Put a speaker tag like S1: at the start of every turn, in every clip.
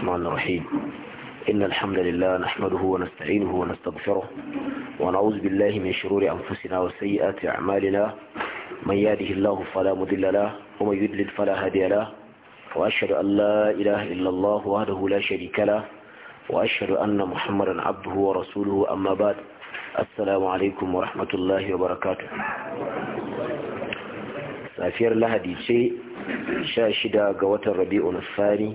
S1: الرحمن الرحيم إن الحمد لله نحمده ونستعينه ونستغفره ونعوذ بالله من شرور أنفسنا وسيئات أعمالنا من يهده الله فلا مضل له ومن يضلل فلا هادي له وأشهد أن لا إله إلا الله وحده لا شريك له وأشهد أن محمدا عبده ورسوله أما بعد السلام عليكم ورحمة الله وبركاته safiyar lahadi ce 16 ga watan rabi'un fari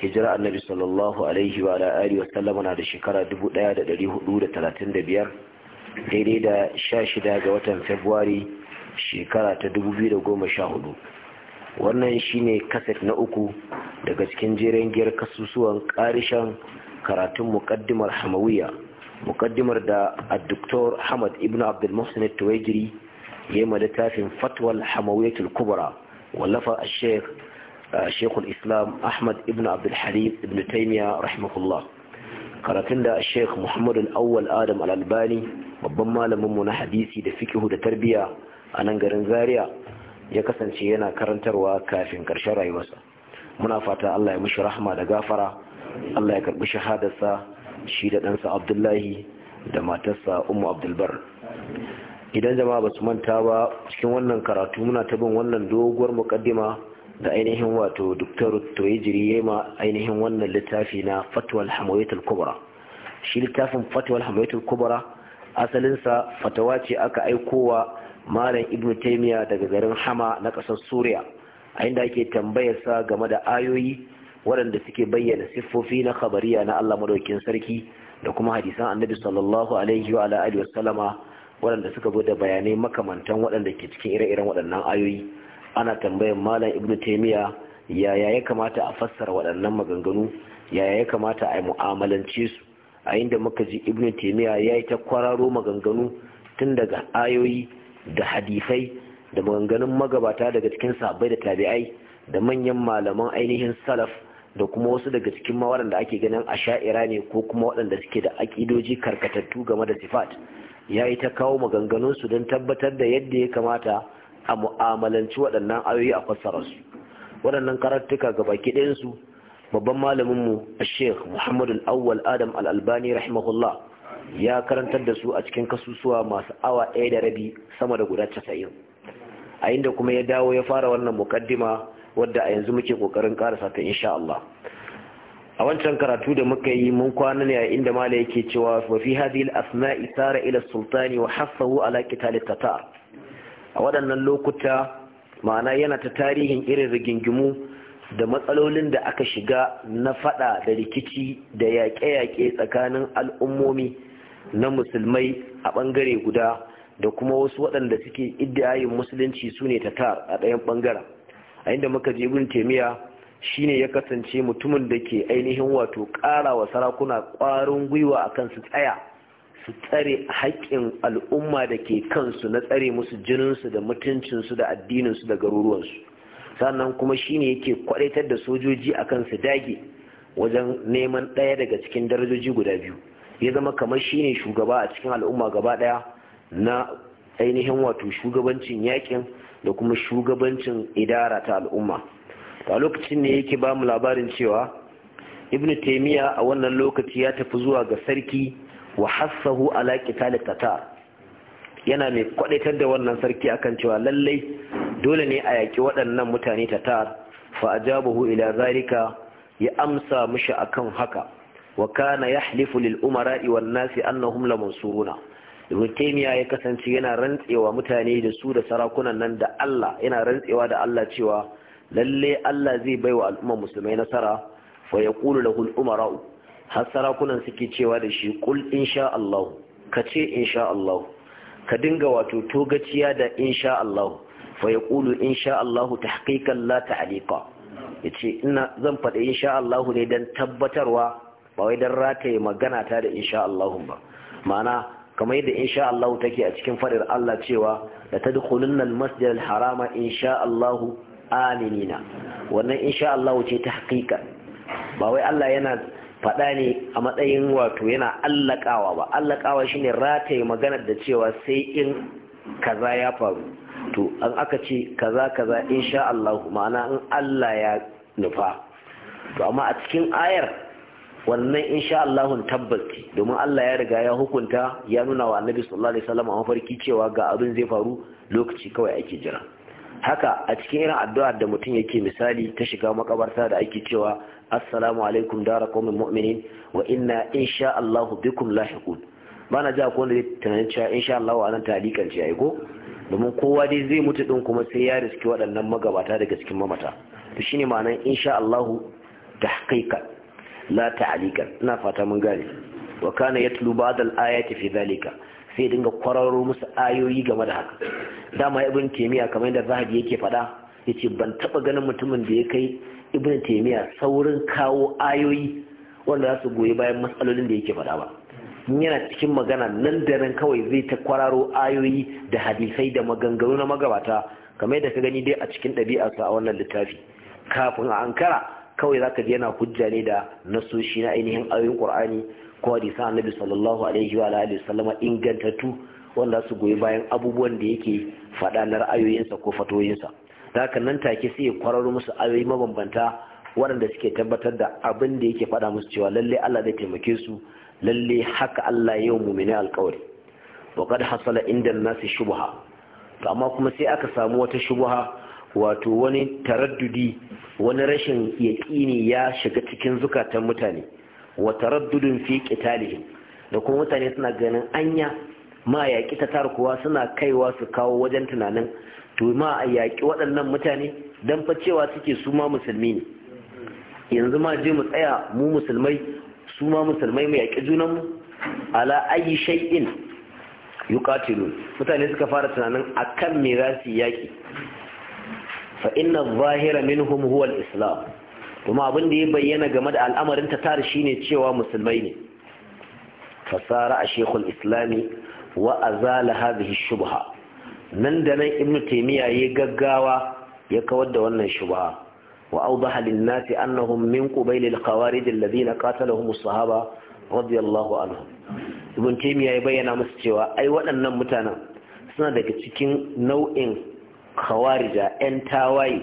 S1: hijira annabi sallallahu alaihi wa alihi wa sallam na da shekara 1435 daidai da sha shida ga watan february shekara ta 2014 wannan shine kaset na uku daga cikin jeren giyar kasusuwan karishan karatun mukaddimar hamawiya mukaddimar da a doktor hamad ibn abdul muhsin tuwaijiri ya yi littafin fatwal hamawiyatul kubra wallafa a sheikh a shekul islam ahmad ibn abdulhalim ibn taimiyya rahimahullah karatun da sheikh muhammadun awwal adam al'albani babban malaminmu na hadisi da fikihu da tarbiyya a nan garin zaria ya kasance yana karantarwa kafin karshen rayuwarsa muna fata allah ya mushi rahama da gafara allah ya karbi shahadarsa shi da ɗansa abdullahi da matarsa ummu abdulbar idan jama'a basu manta ba cikin wannan karatu muna ta bin wannan doguwar mukaddima da ainihin wato doktor toyejiri ya ma ainihin wannan littafi na fatwal hamawitul kubra shi littafin fatwal hamawitul kubra asalinsa fatawa ce aka aikowa malam ibn taimiya daga garin hama na ƙasar suriya a inda ake sa game da ayoyi waɗanda suke bayyana siffofi na kabariya na allah madaukin sarki da kuma hadisan annabi sallallahu alaihi wa alihi wa sallama waɗanda suka zo da bayanai makamantan waɗanda ke cikin ire-iren waɗannan ayoyi ana tambayan malam ibnu taimiya yaya ya kamata a fassara waɗannan maganganu yaya ya kamata a yi mu'amalance su a inda muka ji ibnu taimiya ya yi ta kwararo maganganu tun daga ayoyi da hadisai da maganganun magabata daga cikin sabai da tabi'ai da manyan malaman ainihin salaf da kuma wasu daga cikin ma da ake ganin a sha'ira ne ko kuma waɗanda suke da aƙidoji karkatattu game da sifat ya yi ta kawo maganganunsu don tabbatar da yadda ya kamata a mu'amalanci waɗannan ayoyi a fassara su waɗannan karattuka ga baki ɗayansu babban malaminmu a sheikh muhammadu awwal adam al'albani rahimahullah ya karantar da su a cikin kasusuwa masu awa ɗaya da rabi sama da guda casa'in a inda kuma ya dawo ya fara wannan mukaddima wadda a yanzu muke ƙoƙarin ƙarasa ta insha Allah a wancan karatu da muka yi mun kwana ne a inda mala yake cewa wa fi hadhihi al-asma'i sara ila sultani wa hasahu ala qital tatar a waɗannan lokuta ma'ana yana ta tarihin irin rigingimu da matsalolin da aka shiga na faɗa da rikici da yaƙe-yaƙe tsakanin al'ummomi na musulmai a ɓangare guda da kuma wasu waɗanda suke iddiyayin musulunci su ne tar a ɗayan ɓangaren a inda muka je ibn taimiyya shine ya kasance mutumin da ke ainihin wato ƙara wa sarakuna ƙwarin gwiwa akan su tsaya su tsare haƙƙin al'umma da ke kansu na tsare musu jininsu da mutuncinsu da addininsu da garuruwansu sannan kuma shine yake kwaretar da sojoji a kansu dage wajen neman ɗaya daga cikin darajoji guda biyu ya zama kamar shine shugaba a cikin al'umma gaba ɗaya na ainihin wato shugabancin yakin da kuma shugabancin idara ta al'umma a lokacin ne yake ba mu labarin cewa ibn taimiyya a wannan lokaci ya tafi zuwa ga sarki wa hassahu ala qital qatar yana mai kwadaitar da wannan sarki akan cewa lallai dole ne a yaki waɗannan mutane tatar fa ajabahu ila zalika ya amsa mishi akan haka wa kana yahlifu lil umara'i wan nasi annahum la mansuruna ibn taymiya ya kasance yana rantsewa mutane da su da sarakunan nan da Allah yana rantsewa da Allah cewa lalle Allah zai baiwa al'umma musulmai nasara fa yaqulu lahu al umara'u har sarakunan suke cewa da shi kul insha Allah ka ce insha Allah ka dinga wato togaciya da insha Allah fa yaqulu insha Allah tahqiqan la ta'liqa yace ina zan faɗa insha Allah ne dan tabbatarwa ba wai dan rataye magana ta da insha Allah ba ma'ana kamar yadda insha Allah take a cikin faɗar Allah cewa la tadkhulunna al-masjid al-harama insha Allah aminina wannan insha Allah ce tahqiqan ba wai Allah yana faɗa ne a matsayin wato yana allakawa ba allakawa shine rataye maganar da cewa sai in kaza ya faru to an aka ce kaza kaza insha Allah ma'ana in Allah ya nufa to amma a cikin ayar wannan insha Allah tabbaci domin Allah ya riga ya hukunta ya nuna wa Annabi sallallahu alaihi wasallam a mafarki cewa ga abin zai faru lokaci kawai ake jira haka a cikin irin addu'ar da mutum yake misali ta shiga makabarta da ake cewa assalamu alaikum dara qaumin mu'minin wa inna insha Allah bikum lahiqun bana ji akwai wanda zai tunanin cewa insha Allah wa nan talikan ya ai ko domin kowa dai zai mutu din kuma sai ya riski waɗannan magabata daga cikin mamata to shine ma'anar insha Allah tahqiqan la ta'liqan ina fata mun gane wa kana yatlu ba'd al-ayati fi dhalika sai dinga kwararo musu ayoyi game da haka dama ibn taymiya kamar yadda zahabi yake faɗa yace ban taba ganin mutumin da ya kai ibn taimiya saurin kawo ayoyi wanda za su goyi bayan matsalolin da yake faɗa ba yana cikin magana nan da nan kawai zai ta kwararo ayoyi da hadisai da maganganu na magabata kamar yadda ka gani dai a cikin ɗabi'arsa a wannan littafi kafin a ankara kawai za ka ji yana hujja ne da nasoshi na ainihin ayoyin ƙur'ani ko hadisan annabi sallallahu alaihi wa alihi sallama ingantattu wanda su goyi bayan abubuwan da yake faɗa na ra'ayoyinsa ko fatoyinsa da haka nan take sai ya kwararo musu ayoyi mabambanta waɗanda suke tabbatar da abin da yake faɗa musu cewa lalle Allah zai taimake su lalle haka Allah yau mumini alƙawari wa qad hasala inda nasi shubha to amma kuma sai aka samu wata shubha wato wani taraddudi wani rashin yaƙini ya shiga cikin zukatan mutane wa taraddudun fi qitalihim da kuma mutane suna ganin anya ma yaƙi ta tarkuwa suna kaiwa su kawo wajen tunanin to ma a yaƙi waɗannan mutane don fa cewa suke su ma musulmi ne yanzu ma je mu tsaya mu musulmai su ma musulmai mu yaƙi junanmu ala ayi shay'in yuqatilu mutane suka fara tunanin akan me za su yaƙi fa inna zahira minhum huwa al-islam kuma abin da ya bayyana game da al'amarin ta tare shine cewa musulmai ne fasara a shekul islami wa azala hadhihi shubha nan da nan ibn taymiya yayi gaggawa ya kawar da wannan shubha wa awdaha lin nasi annahum min qubayl al khawarij alladhina qatalahum as sahaba radiyallahu anhum ibn taymiya ya bayyana musu cewa ai waɗannan mutanen suna daga cikin nau'in khawarija yan tawaye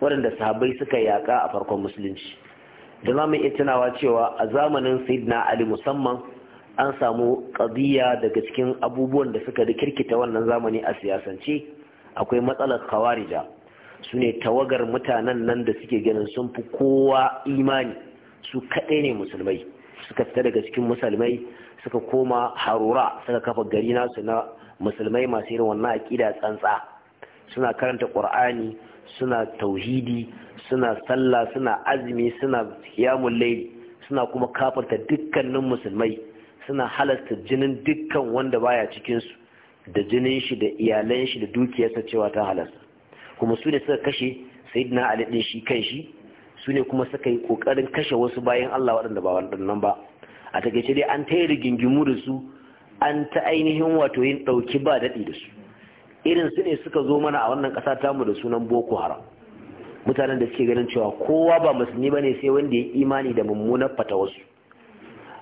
S1: waɗanda sahabbai suka yaƙa a farkon musulunci da zamu iya tunawa cewa a zamanin sayyidina ali musamman an samu ƙabiya daga cikin abubuwan da suka kirkita wannan zamani a siyasance akwai matsalar kawarija su ne tawagar mutanen nan da suke ganin sun fi kowa imani su kaɗai ne musulmai suka fita daga cikin musulmai suka koma harura suka kafa gari nasu na musulmai masu irin wannan aƙida tsantsa suna karanta ƙur'ani suna tauhidi suna sallah suna azumi suna kiyamun laili suna kuma kafarta dukkanin musulmai suna halasta jinin dukkan wanda baya cikinsu da jinin shi da iyalan shi da dukiyarsa cewa ta halasta kuma su ne suka kashe sayyidina ali din shi kan shi su ne kuma suka yi kokarin kashe wasu bayan Allah waɗanda ba waɗannan ba a takaice dai an ta yi rigingimu da su an ta ainihin wato yin ɗauki ba daɗi da su irin su ne suka zo mana a wannan ƙasa tamu da sunan boko haram mutanen da suke ganin cewa kowa ba musulmi ne sai wanda ya imani da mummunar fata wasu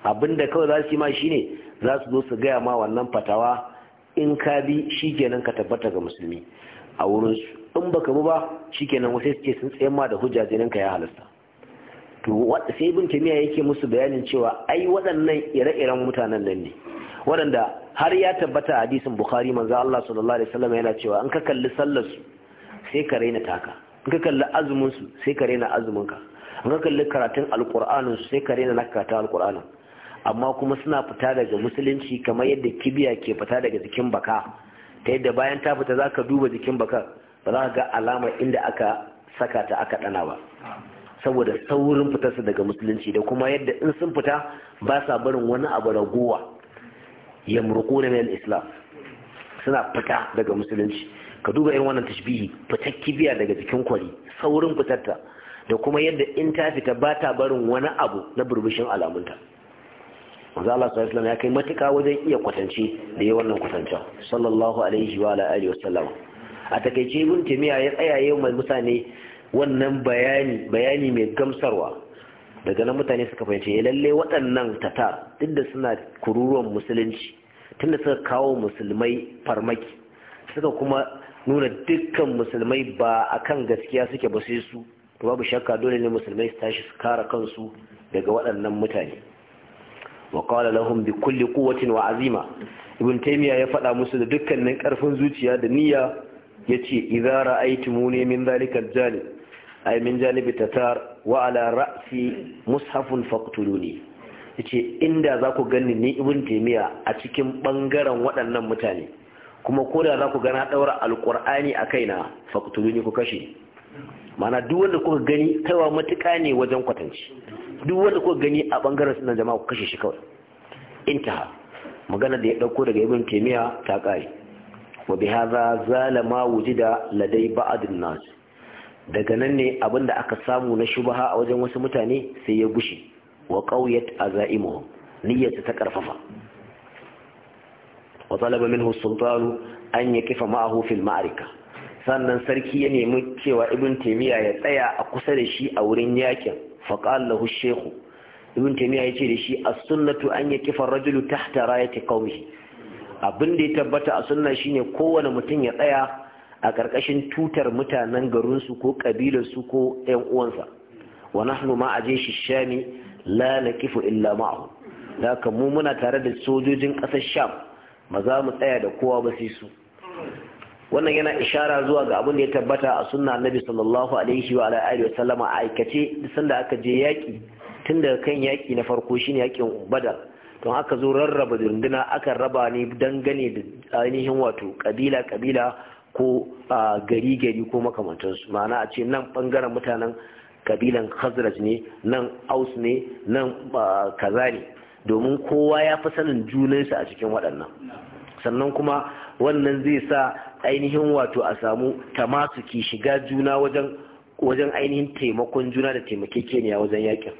S1: abinda kawai za su yi ma shine za su zo su gaya ma wannan fatawa in ka bi shikenan ka tabbata ga musulmi a wurin su in baka bi ba kenan wasu suke sun tsaye ma da hujja jinin ka ya halasta to sai ibn tamiya yake musu bayanin cewa ai waɗannan ire-iren mutanen nan ne waɗanda har ya tabbata hadisin bukhari manzo Allah sallallahu alaihi wasallam yana cewa in ka kalli sallar su sai ka raina taka in ka kalli azumin su sai ka raina azumin ka in ka kalli karatun alqur'anin su sai ka raina na alqur'anin amma kuma suna fita daga musulunci kamar yadda kibiya ke fita daga jikin baka ta yadda bayan ta fita za ka duba jikin baka ba za ka ga alamar inda aka saka ta aka ɗana ba saboda saurin fitarsa daga musulunci da kuma yadda in sun fita ba sa barin wani abu ragowa ya murku na mil islam suna fita daga musulunci ka duba irin wannan tashbihi fitar kibiya daga jikin kwari saurin fitarta da kuma yadda in ta fita ba ta barin wani abu na burbushin alamunta manzo Allah ya kai matuka wajen iya kwatance da yi wannan kwatancen sallallahu alaihi wa alihi a takaice ibn timiya ya tsaya yau mai mutane wannan bayani mai gamsarwa daga nan mutane suka fahimci ya eh, lalle waɗannan tata duk da suna kururuwan musulunci tunda suka kawo musulmai farmaki suka kuma nuna dukkan musulmai ba akan gaskiya suke ba sai su babu shakka dole ne musulmai su tashi su kara kansu daga waɗannan mutane wa qala lahum bi kulli quwwatin wa azima ibn ya faɗa musu da dukkanin ƙarfin zuciya da niyya izara idza ra'aytumuni min dhalika al-jali ay min janibi tatar wa ala ra'si mushafun faqtuluni yace inda za ku ganni ni ibn taymiya a cikin bangaren waɗannan mutane kuma ko da za ku gana ɗaura alqur'ani a kaina faqtuluni ku kashe mana duk wanda kuka gani kaiwa matuƙa ne wajen kwatanci duk wanda kuka gani a bangaren sunan jama'a ku kashe shi kawai intaha magana da ya dauko daga ibn taymiya ta kare wa bi hadha zalama wujida ladai ba'dun nas daga nan ne abinda aka samu na shubaha a wajen wasu mutane sai ya gushi? wa qawiyat azaimuhum niyyata ta karfafa wa talaba minhu sultanu an yakifa ma'ahu fil ma'arika sannan sarki ya nemi cewa ibn taymiya ya tsaya a kusa da shi a wurin yakin faqala lahu shaykh ibn taymiya yace da shi as-sunnatu an yakifa ar-rajulu tahta rayati qawmihi abinda ya tabbata a sunna shine kowane mutum ya tsaya a ƙarƙashin tutar mutanen garinsu ko ƙabilarsu ko 'yan uwansa wa nahnu ma shi shami la nakifu illa ma'ahu haka mu muna tare da sojojin ƙasar sham ba za mu tsaya da kowa ba sai su wannan yana ishara zuwa ga abin da ya tabbata a sunna annabi sallallahu alaihi wa alihi sallama a aikace sanda aka je yaki tun daga kan yaki na farko shine yakin badar to aka zo rarraba runduna aka raba ne dangane da ainihin wato kabila kabila ko gari gari ko makamantansu ma'ana a ce nan bangaren mutanen kabilan khazraj ne nan aus ne nan kaza ne domin kowa ya fi sanin junansa a cikin waɗannan sannan kuma wannan zai sa ainihin wato a samu ke shiga juna wajen wajen ainihin taimakon juna da taimakekeniya wajen yakin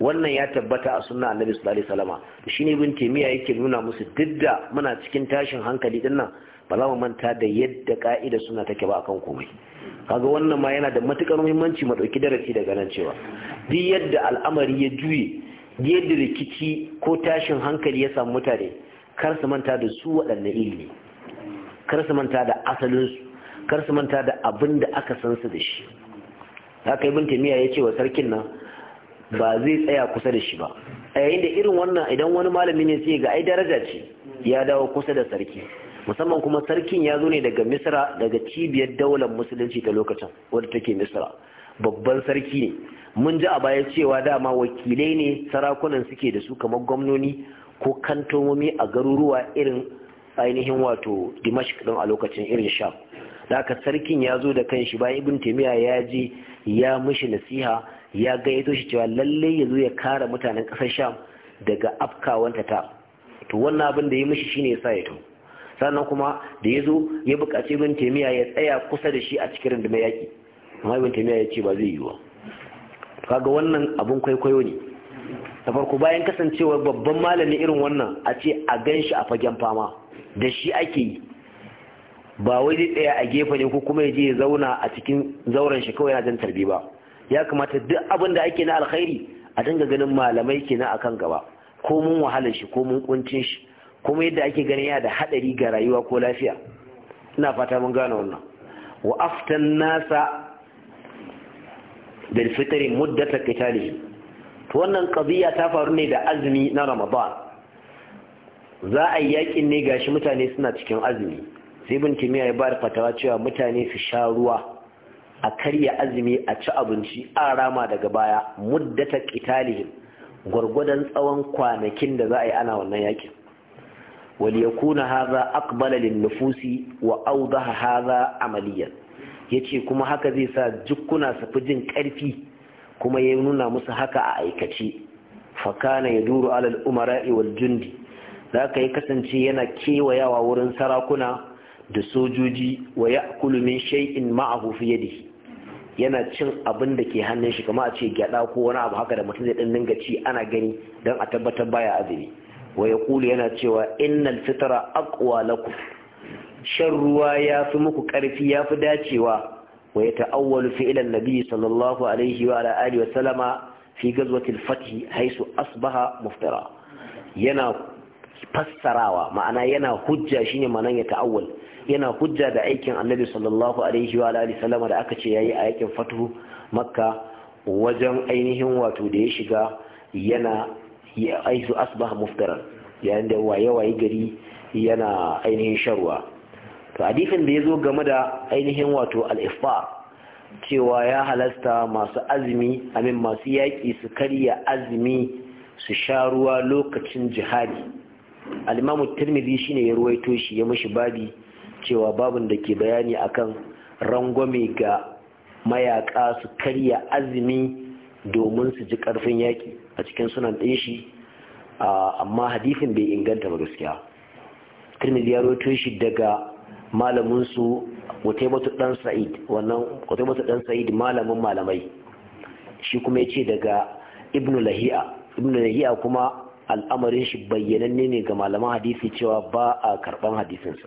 S1: wannan ya tabbata a sunna annabi sallallahu alaihi wasallama shine ibn taymiya yake nuna musu duk da muna cikin tashin hankali din nan ba za mu manta da yadda ka'ida suna take ba akan komai kaga wannan ma yana da matukar muhimmanci mu ɗauki darasi daga nan cewa duk yadda al'amari ya juye yadda rikici ko tashin hankali ya samu mutane kar su manta da su waɗanne ilimi kar su manta da asalinsu kar su manta da abin da aka san su da shi kai bin taymiya ya ce wa sarkin nan ba zai tsaya kusa da shi ba a yayin da irin wannan idan wani malami ne sai ga ai daraja ce ya dawo kusa da sarki musamman kuma sarkin ya zo ne daga misra daga cibiyar daular musulunci ta lokacin wadda take misra babban sarki ne mun ji a baya cewa dama wakilai ne sarakunan suke da su kamar gwamnoni ko kantomomi a garuruwa irin ainihin wato dimashq din a lokacin irin sha, da aka sarkin ya zo da kanshi bayan ibn taimiyya ya je ya mishi nasiha ya gayyato shi cewa lallai ya zo ya kare mutanen ƙasar sha daga afkawanta ta to wannan abin da ya mishi shine yasa ya to sannan kuma da ya zo ya buƙaci ibn taimiyya ya tsaya kusa da shi a cikin rundunar yaƙi amma ibn taimiyya ya ce ba zai yiwu kaga wannan abun kwaikwayo ne da farko bayan kasancewar babban malami irin wannan a ce a gan shi a fagen fama da shi ake yi ba wai zai tsaya a gefe ne ko kuma ya je ya zauna a cikin zauren shi kawai yana jan tarbi ba ya kamata duk abin da ake na alkhairi a dinga ganin malamai kenan kan gaba ko mun wahalar shi ko mun kuncin shi kuma yadda ake ganin yana da hadari ga rayuwa ko lafiya ina fata mun gane wannan wa aftan nasa bil fitri muddata qitali to wannan qadiya ta faru ne da azumi na ramadan za a yi yakin ne ga shi mutane suna cikin azumi sai bin kimiyya ya bada fatawa cewa mutane su sha ruwa a karya azumi a ci abinci a rama daga baya muddata qitalihim gurgudan tsawon kwanakin da za a yi ana wannan yakin aqbala lin nufusi wa awdaha hadha amaliyan yace kuma haka zai sa jukkuna su fi jin ƙarfi kuma ya nuna musu haka a aikace fakana ya duru alal umara'i wal jundi Zaka ka yi kasance yana kewayawa wurin sarakuna da sojoji wa ya kulumin shai'in ma'ahu fi yana cin abin da ke hannun shi kama a ce gyada ko wani abu haka da mutum zai ɗin dinga ci ana gani don a tabbatar baya azumi wa ya kulu yana cewa innal fitra aqwa lakum shan ruwa ya fi muku karfi ya fi dacewa wa ya ta'awwalu fi ilan nabi sallallahu alaihi wa ala alihi wa salama fi gazwatil fath haisu asbaha muftara yana fassarawa ma'ana yana hujja shine ma'anan ya ta'awwal yana hujja da aikin annabi sallallahu alaihi wa alihi sallama da aka ce yayi a yakin fatu makka wajen ainihin wato da ya shiga yana aisu asbah muftaran yayin da waye waye gari yana ainihin sharwa to hadisin da yazo game da ainihin wato al ifar cewa ya halasta masu azumi amin masu yaƙi su karya azumi su sha ruwa lokacin jihadi alimamu imamu tirmidhi shine ya ruwaito shi ya mishi babi cewa babin da ke bayani akan rangwame ga mayaka su karya azumi domin su ji karfin yaki a cikin sunan ɗin shi amma hadifin bai inganta ba gaskiya tirmidhi ya ruwaito shi daga malamin su dan Sa'id Sa'id malamin malamai shi kuma ya ce daga Ibn lahiya Ibn lahiya kuma al'amarin shi bayyananne ne ga malaman hadisi cewa ba a karban hadisinsa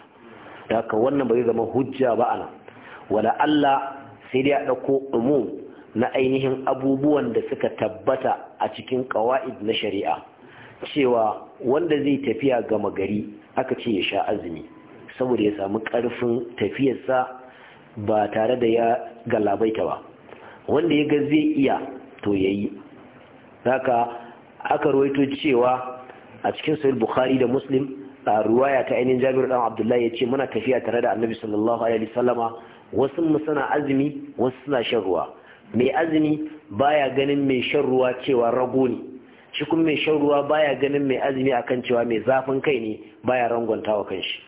S1: da haka wannan bai zama hujja ba nan. wala Allah sai dai a ɗauko umu na ainihin abubuwan da suka tabbata a cikin ƙawa'id na shari'a cewa wanda zai tafiya gama gari aka ce ya sha azumi saboda ya samu ƙarfin tafiyarsa ba tare da ya galabaita ba wanda ya ga zai iya to yayi yi haka aka rawaito cewa a cikin sahih bukhari da muslim a ruwaya ta ainihin jabir dan abdullahi ya ce muna tafiya tare da annabi sallallahu alaihi wasallama wasu mu suna azumi wasu suna shan ruwa mai azumi baya ganin mai shan ruwa cewa rago ne shi kuma mai shan ruwa baya ganin mai azumi akan cewa mai zafin kai ne baya rangwanta wa kanshi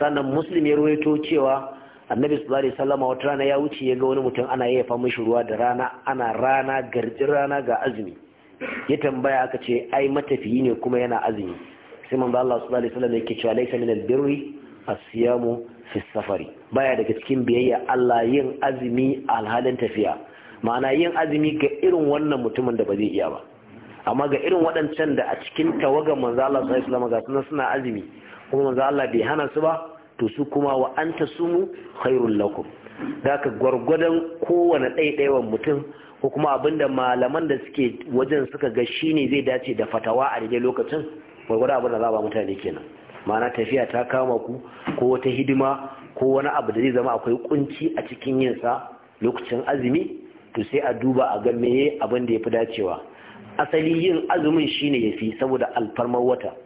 S1: sannan muslim ya ruwaito cewa annabi sallallahu alaihi wasallama wata rana ya wuce ya ga wani mutum ana yayyafa mishi ruwa da rana ana rana garjin rana ga azumi ya tambaya aka ce ai matafiyi ne kuma yana azumi sai manzo Allah sallallahu alaihi wasallam yake cewa laysa min albirri asiyamu fi safari baya daga cikin biyayya Allah yin azumi alhalin tafiya ma'ana yin azumi ga irin wannan mutumin da ba zai iya ba amma ga irin waɗancan da a cikin tawagan manzo Allah sallallahu alaihi wasallam ga suna azumi kuma manzo Allah bai hana su ba to su kuma wa anta sumu khairul lakum da ka gwargwadon kowane ɗaiɗaiwan mutum ko kuma abin da malaman da suke wajen suka ga shine zai dace da fatawa a daidai lokacin gwargwadon abin da za a ba mutane kenan ma'ana tafiya ta kama ku ko wata hidima ko wani abu da zai zama akwai kunci a cikin yinsa lokacin azumi to sai a duba a ga meye abin da ya fi dacewa asali yin azumin shine ya fi saboda alfarmar wata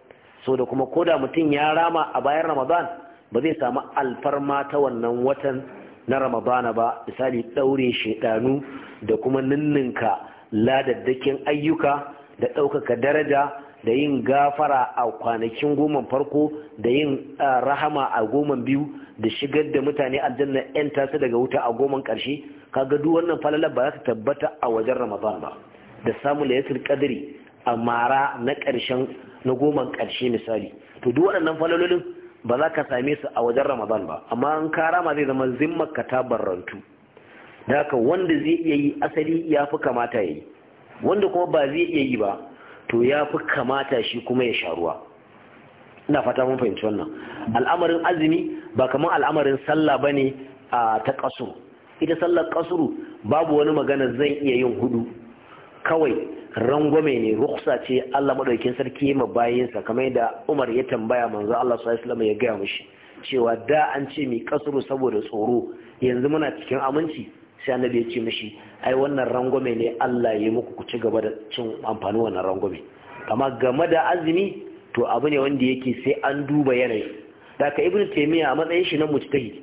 S1: saboda da kuma da mutum ya rama a bayan ramadan ba zai samu alfarma ta wannan watan na ramadana ba misali ɗaure shaidanu da kuma ninninka ladaddakin ayyuka da ɗaukaka daraja da yin gafara a kwanakin goma farko da yin rahama a goman biyu da shigar da mutane aljanna 'yan tasa daga wuta a goman ƙarshe kaga duk wannan falalar ba za ta tabbata a wajen ramadan ba da samun layatul kadiri a mara na ƙarshen na goman ƙarshe misali to duk waɗannan falalolin ba za ka same su a wajen ramadan ba amma in ka rama zai zama zimmar ka ta barrantu da haka wanda zai iya yi asali ya fi kamata ya yi wanda kuma ba zai iya yi ba to ya fi kamata shi kuma ya sha ruwa ina fata mun fahimci wannan al'amarin azumi ba kamar al'amarin sallah ba ne a ta kasuru ita sallar kasuru babu wani magana zan iya yin hudu kawai rangwame ne ruksa ce Allah madaukin sarki ma bayinsa kamar yadda Umar ya tambaya manzo Allah sallallahu alaihi wasallam ya gaya mushi cewa da an ce mi kasuru saboda tsoro yanzu muna cikin aminci sai annabi ya ce mushi ai wannan rangwame ne Allah ya muku ku ci gaba da cin amfani wannan rangwame amma game da azumi to abu ne wanda yake sai an duba yanayi daga ibnu taymiya a matsayin shi na mujtahid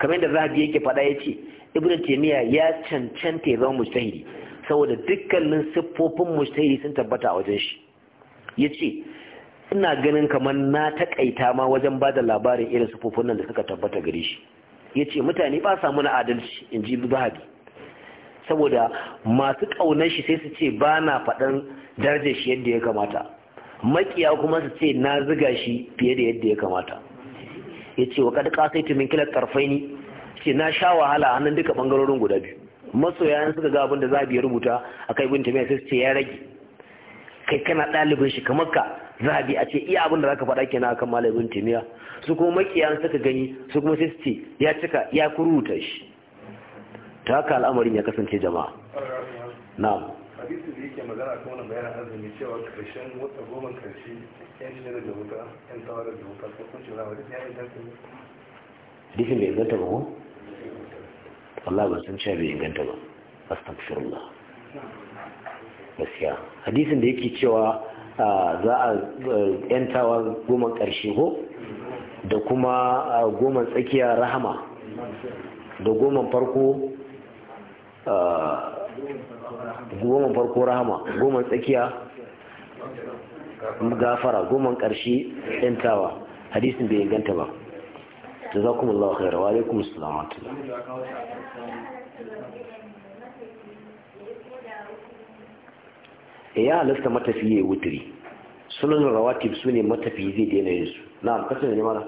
S1: kamar yadda zahabi yake faɗa yace ibnu taymiya ya cancanta ya zama mujtahidi saboda dukkanin siffofin mujtahidi sun tabbata a wajen shi Ya ce, ina ganin kamar na takaita ma wajen ba da labarin irin siffofin nan da suka tabbata gare shi Ya ce, mutane ba sa mana adalci in ji haɗi. saboda masu ƙaunar shi sai su ce ba na faɗan darajar shi yadda ya kamata maƙiya kuma su ce na ziga shi fiye da yadda ya kamata ya ce wa ƙadƙa sai tumin kilar ƙarfai ne ce na sha wahala a hannun duka ɓangarorin guda biyu masoya suka ga abin da a biya rubuta a kai bin tamiya sai ce ya rage kai kana ɗalibin shi kamar ka za a ce iya abin da zaka faɗa kenan akan malam ibn tamiya su kuma makiyan suka gani su kuma sai ce ya cika ya kuruta shi ta haka al'amarin ya kasance jama'a na'am
S2: hadisi da yake magana kuma wannan bayanin azumi cewa karshen wata goma karshe yan shi da wuta yan tawar da wuta ko kun ce na hadisi ya inganta ne
S1: hadisin bai inganta ba ko Allah ba san cewa bai inganta ba astaghfirullah gaskiya hadisin da yake cewa za a yantawa goma ƙarshe ko da kuma goma tsakiya rahama da goma farko goma farko rahama goma tsakiya gafara goma ƙarshe yantawa hadisin bai inganta ba jazakumullahu khairan wa alaikum assalam wa eh, ya halatta matafiye ya wuturi sunan rawatib su ne matafiye zai daina yin su na alkasa ne mara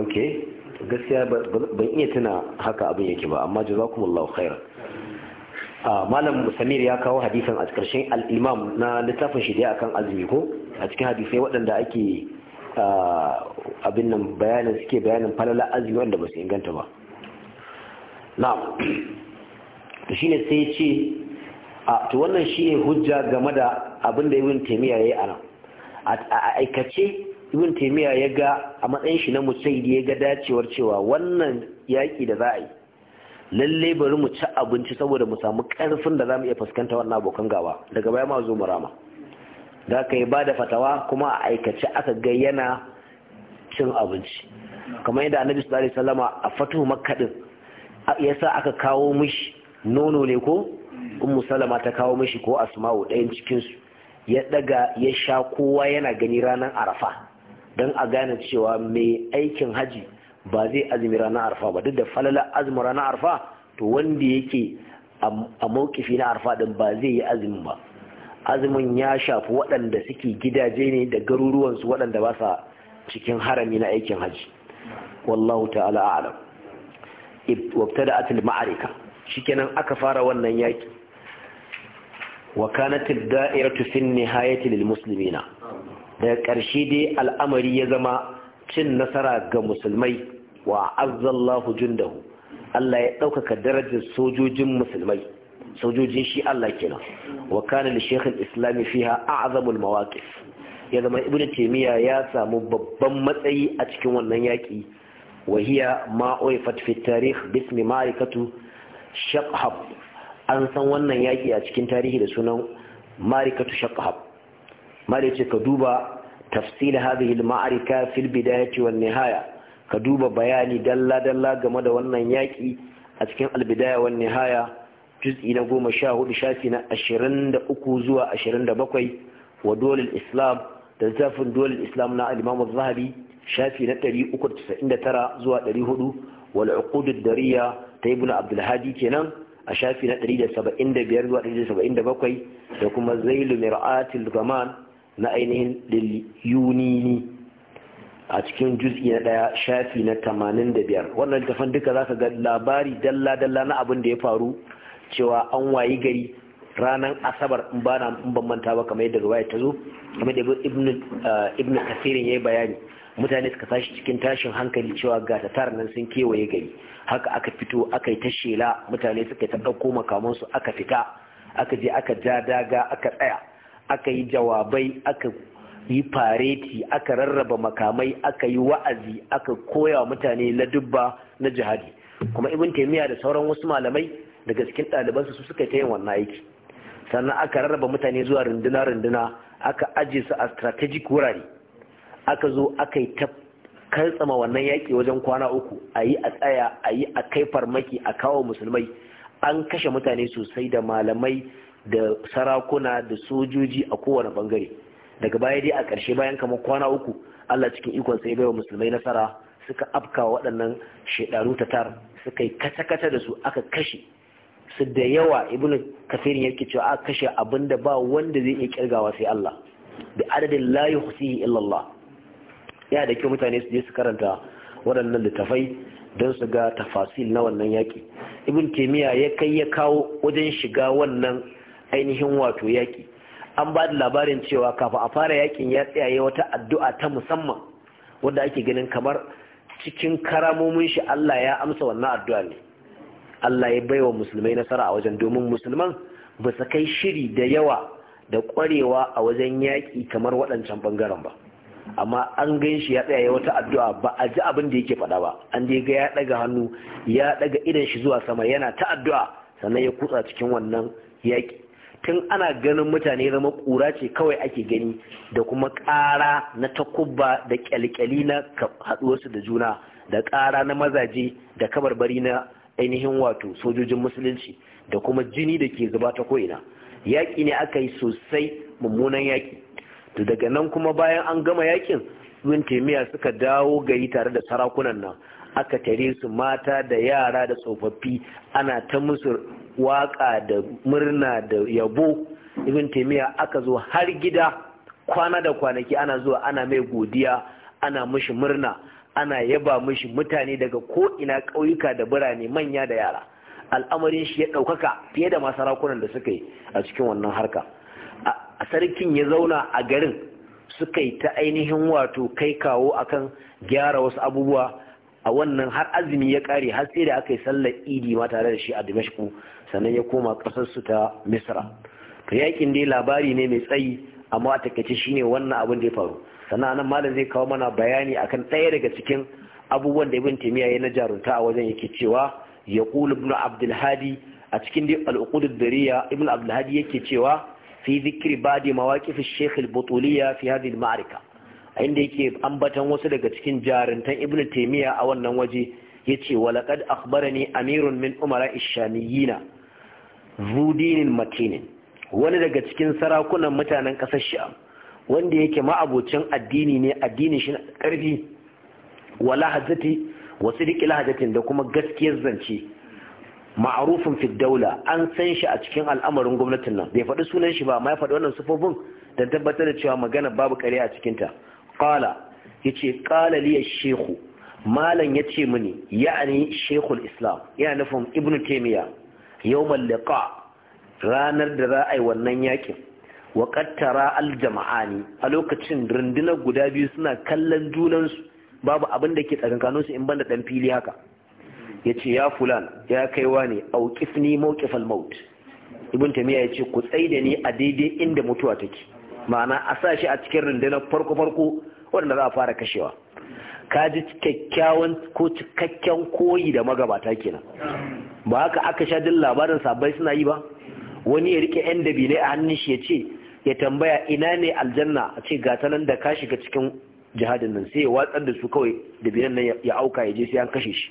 S1: ok gaskiya ban iya tuna haka abin yake ba amma jazakumullahu khairan ah, malam samir ya kawo hadisan a ƙarshen al'imam na littafin shi dai akan azumi ko a cikin hadisai waɗanda ake abin nan bayanin suke bayanin falala azumi wanda ba su inganta ba na'am to ne sai ce a to wannan shi ne hujja game da abin da ibn taymiya yayi a nan a aikace ibn taymiya ya ga a matsayin shi na musaidi ya ga dacewar cewa wannan yaƙi da za a yi lalle bari mu ci abinci saboda mu samu karfin da za mu iya fuskanta wannan abokan gaba daga baya ma zo mu rama za ka yi ba da fatawa kuma a aikace aka ga yana cin abinci kamar yadda annabi sallallahu alaihi wasallama a fatuhu makka din sa aka kawo mishi nono ne ko ummu salama ta kawo mishi ko asma'u ɗayan cikin su ya daga ya sha kowa yana gani ranar arafa don a gane cewa mai aikin haji ba zai azumi ranar arafa ba duk da falala azumin ranar arafa to wanda yake a mawkifi na arafa din ba zai yi azumi ba azumin ya shafi waɗanda suke gidaje ne da garuruwansu waɗanda ba sa cikin harami na aikin hajji wallahu ta'ala a'lam wabtada'at al-ma'arika shikenan aka fara wannan yaki wa kanat dairatu fi an-nihayati lil-muslimina daga ƙarshe dai al'amari ya zama cin nasara ga musulmai wa azzallahu jundahu Allah ya ɗaukaka darajar sojojin musulmai sojojin shi Allah kenan wa kana li shaykh al-islam fiha a'zamul mawaqif ya zama ibnu taymiya ya samu babban matsayi a cikin wannan yaki wahiya hiya ma uifat bismi maaikatu shaqhab an san wannan yaki a cikin tarihi da sunan marikatu shakhab mali ce ka duba tafsil hadhihi al-ma'rika fil bidayati wan nihaya ka duba bayani dalla dalla game da wannan yaƙi a cikin albidaya bidaya nihaya juz'i na goma sha hudu shafi na ashirin da uku zuwa ashirin da bakwai wa dole islam da littafin dole islam na alimamu zahabi shafi na ɗari uku da tasa'in da tara zuwa ɗari hudu wa uqudud dariya ta ibnu abdulhadi kenan a shafi na ɗari da saba'in da biyar zuwa ɗari da saba'in da bakwai da kuma zailu mir'atil gaman na ainihin yunini a cikin juz'i na ɗaya shafi na tamanin da biyar wannan littafin duka za ka ga labari dalla-dalla na abin da ya faru cewa an wayi gari ranar asabar in ba na ban manta ba kamar yadda ruwaya ta zo kamar da ibn eh, kasirin ya yi bayani mutane suka tashi cikin tashin hankali cewa ga tatar nan sun kewaye gari haka aka fito aka yi ta shela mutane suka ta ɗauko makamansu aka fita aka je aka ja daga aka tsaya aka yi jawabai aka yi fareti aka rarraba makamai aka yi wa'azi aka koya wa mutane dubba na jihadi kuma ibn taimiyya da sauran wasu malamai daga cikin ɗalibansu su suka ta yin wannan aiki sannan aka rarraba mutane zuwa runduna-runduna aka aje su a strategic wurare aka zo aka yi ta wannan yaƙi wajen kwana uku a yi a tsaya a yi a kai farmaki a kawo musulmai an kashe mutane sosai da malamai da sarakuna da sojoji a kowane bangare daga baya dai a ƙarshe bayan kamar kwana uku allah cikin ikon sai wa musulmai nasara suka afka waɗannan shaidaru tar, suka yi kata-kata da su aka kashe su da yawa ibnu kasirin yake cewa a kashe abin da ba wanda zai iya kirgawa sai Allah bi adadin la yuhsihi illa Allah ya da kyau mutane su je su karanta waɗannan littafai don su ga tafasil na wannan yaƙi ibn taimiyya ya kai ya kawo wajen shiga wannan ainihin wato yaƙi an ba da labarin cewa kafin a fara yaƙin ya tsayaye wata addu'a ta musamman wadda ake ganin kamar cikin karamomin shi Allah ya amsa wannan addu'a ne Allah ya baiwa musulmai nasara a wajen domin musulman ba su kai shiri da yawa da ƙwarewa a wajen yaƙi kamar waɗancan ɓangaren ba amma an gan shi ya tsaya wata addu'a ba a ji abin da yake faɗa ba an dai ga ya ɗaga hannu ya ɗaga idan shi zuwa sama yana ta addu'a sannan ya kutsa cikin wannan yaƙi tun ana ganin mutane zama ƙura ce kawai ake gani da kuma ƙara na takubba da ƙyalƙyali na haɗuwarsu da juna da ƙara na mazaje da kabarbari na ainihin wato sojojin musulunci da kuma jini da ke zuba ta ko'ina yaƙi ne aka yi sosai mummunan yaƙi Da daga nan kuma bayan an gama yaƙin ibn taimiyya suka dawo gari tare da sarakunan nan aka tare su mata da yara da tsofaffi ana ta musu waƙa da murna da yabo ibn taimiyya aka zo har gida kwana da kwanaki ana zuwa ana mai godiya ana mishi murna ana yaba mishi mutane daga ko ina ƙauyuka da birane manya da yara al'amarin shi ya ɗaukaka fiye da masu masarakunan da suka yi a cikin wannan harka a sarkin ya zauna a garin suka yi ta ainihin wato kai kawo akan gyara wasu abubuwa a wannan har azumi ya kare har sai da aka yi sallar idi ma tare da shi a dimashku sannan ya koma ƙasar su ta misra to yakin dai labari ne mai tsayi amma a takaice shine wannan abin da ya faru sannan anan malam zai kawo mana bayani akan ɗaya daga cikin abubuwan da ibn taymiya ya na jarunta a wajen yake cewa ya qul ibn abdul hadi a cikin dai al-uqud dariya ibn abdul hadi yake cewa fi dhikri badi mawaqif ash-shaykh al-butuliya fi hadhihi al-ma'rika inda yake ambatan wasu daga cikin jaruntan ibn taymiya a wannan waje yace walaqad akhbarani amirun min umara ash-shamiyina zu matinin wani daga cikin sarakunan mutanen kasar sham wanda yake ma'abocin addini ne addini shi karfi wala hajjati wa sidiki lahajatin da kuma gaskiyar zance ma'arufin fi daula an san shi a cikin al'amarin gwamnatin nan bai faɗi sunan shi ba ma ya faɗi wannan sufofin don tabbatar da cewa magana babu kare a cikinta qala yace qala li ash malan yace mini ya'ani shaykhul islam yana nufin ibnu taymiya yawmal liqa ranar da za a yi wannan yakin wa aljama'a ne. a lokacin rundunar guda biyu suna kallon junansu babu abin da ke tsakankanin su in banda dan fili haka yace ya fulan ya kaiwa ne auqifni mawqif al-maut ibn tamiya yace ku tsai da ni a daidai inda mutuwa take ma'ana a sa shi a cikin rundunar farko farko wanda za a fara kashewa ka ji kyakkyawan ko cikakken koyi da magabata kenan ba haka aka sha jin labarin sabai suna yi ba wani ya rike yan dabile a hannun shi ya ce ya tambaya ina ne aljanna a ce ga nan da ka shiga cikin jihadin nan sai ya watsar da su kawai da biyan nan ya auka ya je sai an kashe shi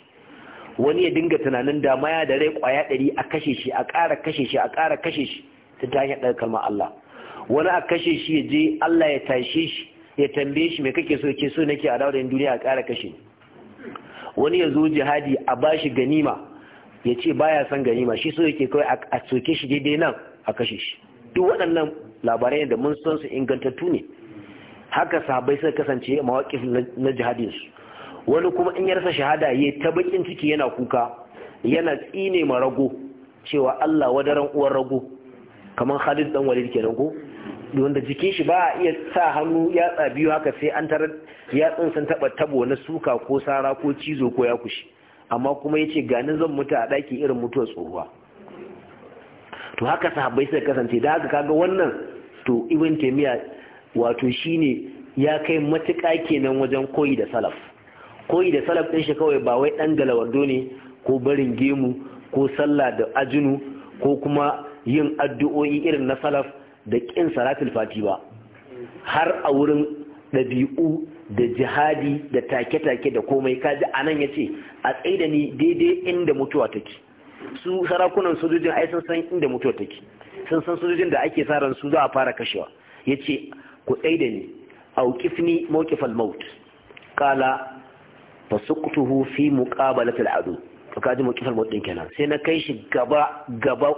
S1: wani ya dinga tunanin da maya da rai kwaya ɗari a kashe shi a ƙara kashe shi a ƙara kashe shi ta ta hanyar ɗaga kalmar Allah wani a kashe shi ya je Allah ya tashe shi ya tambaye shi me kake so ke so nake a dawo da duniya a ƙara kashe wani ya zo jihadi a bashi ganima ya ce baya son ganima shi so yake kawai a soke shi daidai nan a kashe shi duk waɗannan labarai da mun san su ingantattu ne haka sabai suka kasance mawaƙif na jihadin su wani kuma in yarsa shahada ya ta bakin ciki yana kuka yana tsine ma rago cewa Allah wadaran uwar rago kamar Khalid dan Walid kenan ko wanda jikin shi ba a iya sa hannu ya biyu haka sai an tarar ya tsinsan taba tabo na suka ko sara ko cizo ko ya kushi amma kuma yace ganin zan mutu a daki irin mutuwar tsohuwa to haka sahabbai suka kasance da haka kaga wannan to ibn taymiya wato shine ya kai matuƙa kenan wajen koyi da salaf koyi da salaf ɗin shi kawai ba wai ɗan galawardo ne ko barin gemu ko sallah da ajinu ko kuma yin addu'o'i irin na salaf da ƙin salatul fati ba har a wurin dabi'u da jihadi da take-take da komai kaji anan nan ya ce a tsaye ni daidai inda mutuwa take su sarakunan sojojin ai sun san inda mutuwar take sun san sojojin da ake sa ran su za a fara kashewa yace ku tsai da ni auqifni mawqifal maut qala fasuqtuhu fi muqabalati al'adu to kaji mawqifal maut din kenan sai na kai shi gaba gaba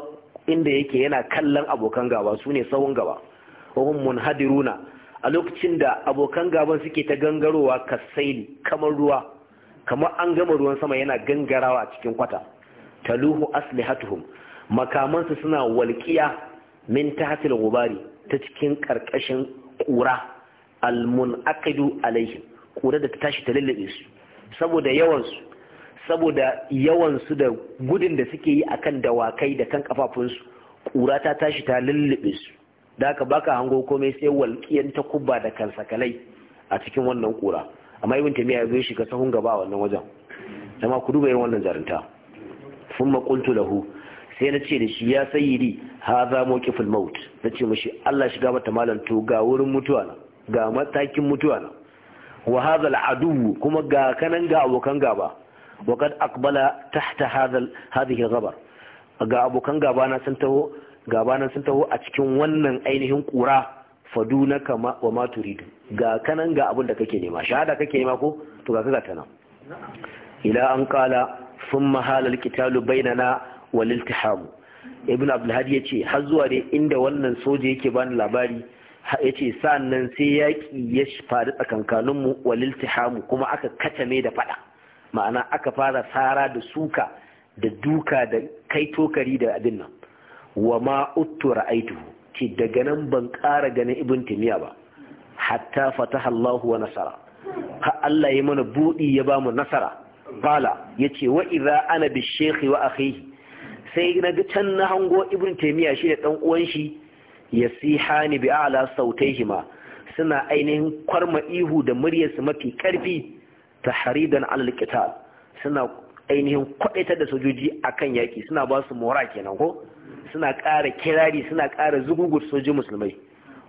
S1: inda yake yana kallon abokan gaba sune ne gaba wahum munhadiruna a lokacin da abokan gaban suke ta gangarowa kasaili kamar ruwa kamar an gama ruwan sama yana gangarawa cikin kwata taluhu aslihatuhum makamansu suna walƙiya min tahtil gubari ta cikin ƙarƙashin ƙura almunaqidu alaihim ƙura da ta tashi ta lallabe su saboda yawansu saboda su da gudun da suke yi akan dawakai da kan kafafunsu ƙura ta tashi ta lullube su da haka baka hango komai sai walƙiyan ta kubba da kansakalai a cikin wannan ƙura amma ibn tamiya ya zo shiga sahun gaba a wannan wajen jama'a ku duba irin wannan jarunta thumma qultu lahu sai na ce da shi ya sayyidi hadha mawqiful maut nace mishi Allah shiga mata malam to ga wurin mutuwa na ga matakin mutuwa na wa hadha al'adu kuma ga kanan ga abokan gaba wa kad aqbala tahta hadha hadhihi al-ghabar ga abokan gaba na sun taho gaba na sun taho a cikin wannan ainihin kura faduna kama wa ma turidu ga kanan ga abin da kake nema shahada kake nema ko to ga kaga ta nan ila an kala sun mahalar kitalu bainana wal iltihamu ibn abdulhad ya ce har zuwa dai inda wannan soja yake bani labari ya ce sa'annan sai yaƙi ya faru tsakankaninmu wal iltihamu kuma aka katame da faɗa ma'ana aka fara sara da suka da duka da kai tokari da abin nan wa ma uttu ra'aituhu ce daga nan ban ƙara ganin ibn timiya ba hatta fataha Allahu wa nasara ha Allah ya mana buɗi ya bamu nasara qala yace wa idza ana bi shaykhi wa akhihi sai naga can na hango ibn taymiya shi da dan uwan shi yasihani bi a'la sautaihima suna ainihin kwarma ihu da muryarsu mafi karfi tahridan alal qital suna ainihin kwadaitar da sojoji akan yaki suna ba su mora kenan ko suna ƙara kirari suna ƙara zugugur sojin musulmai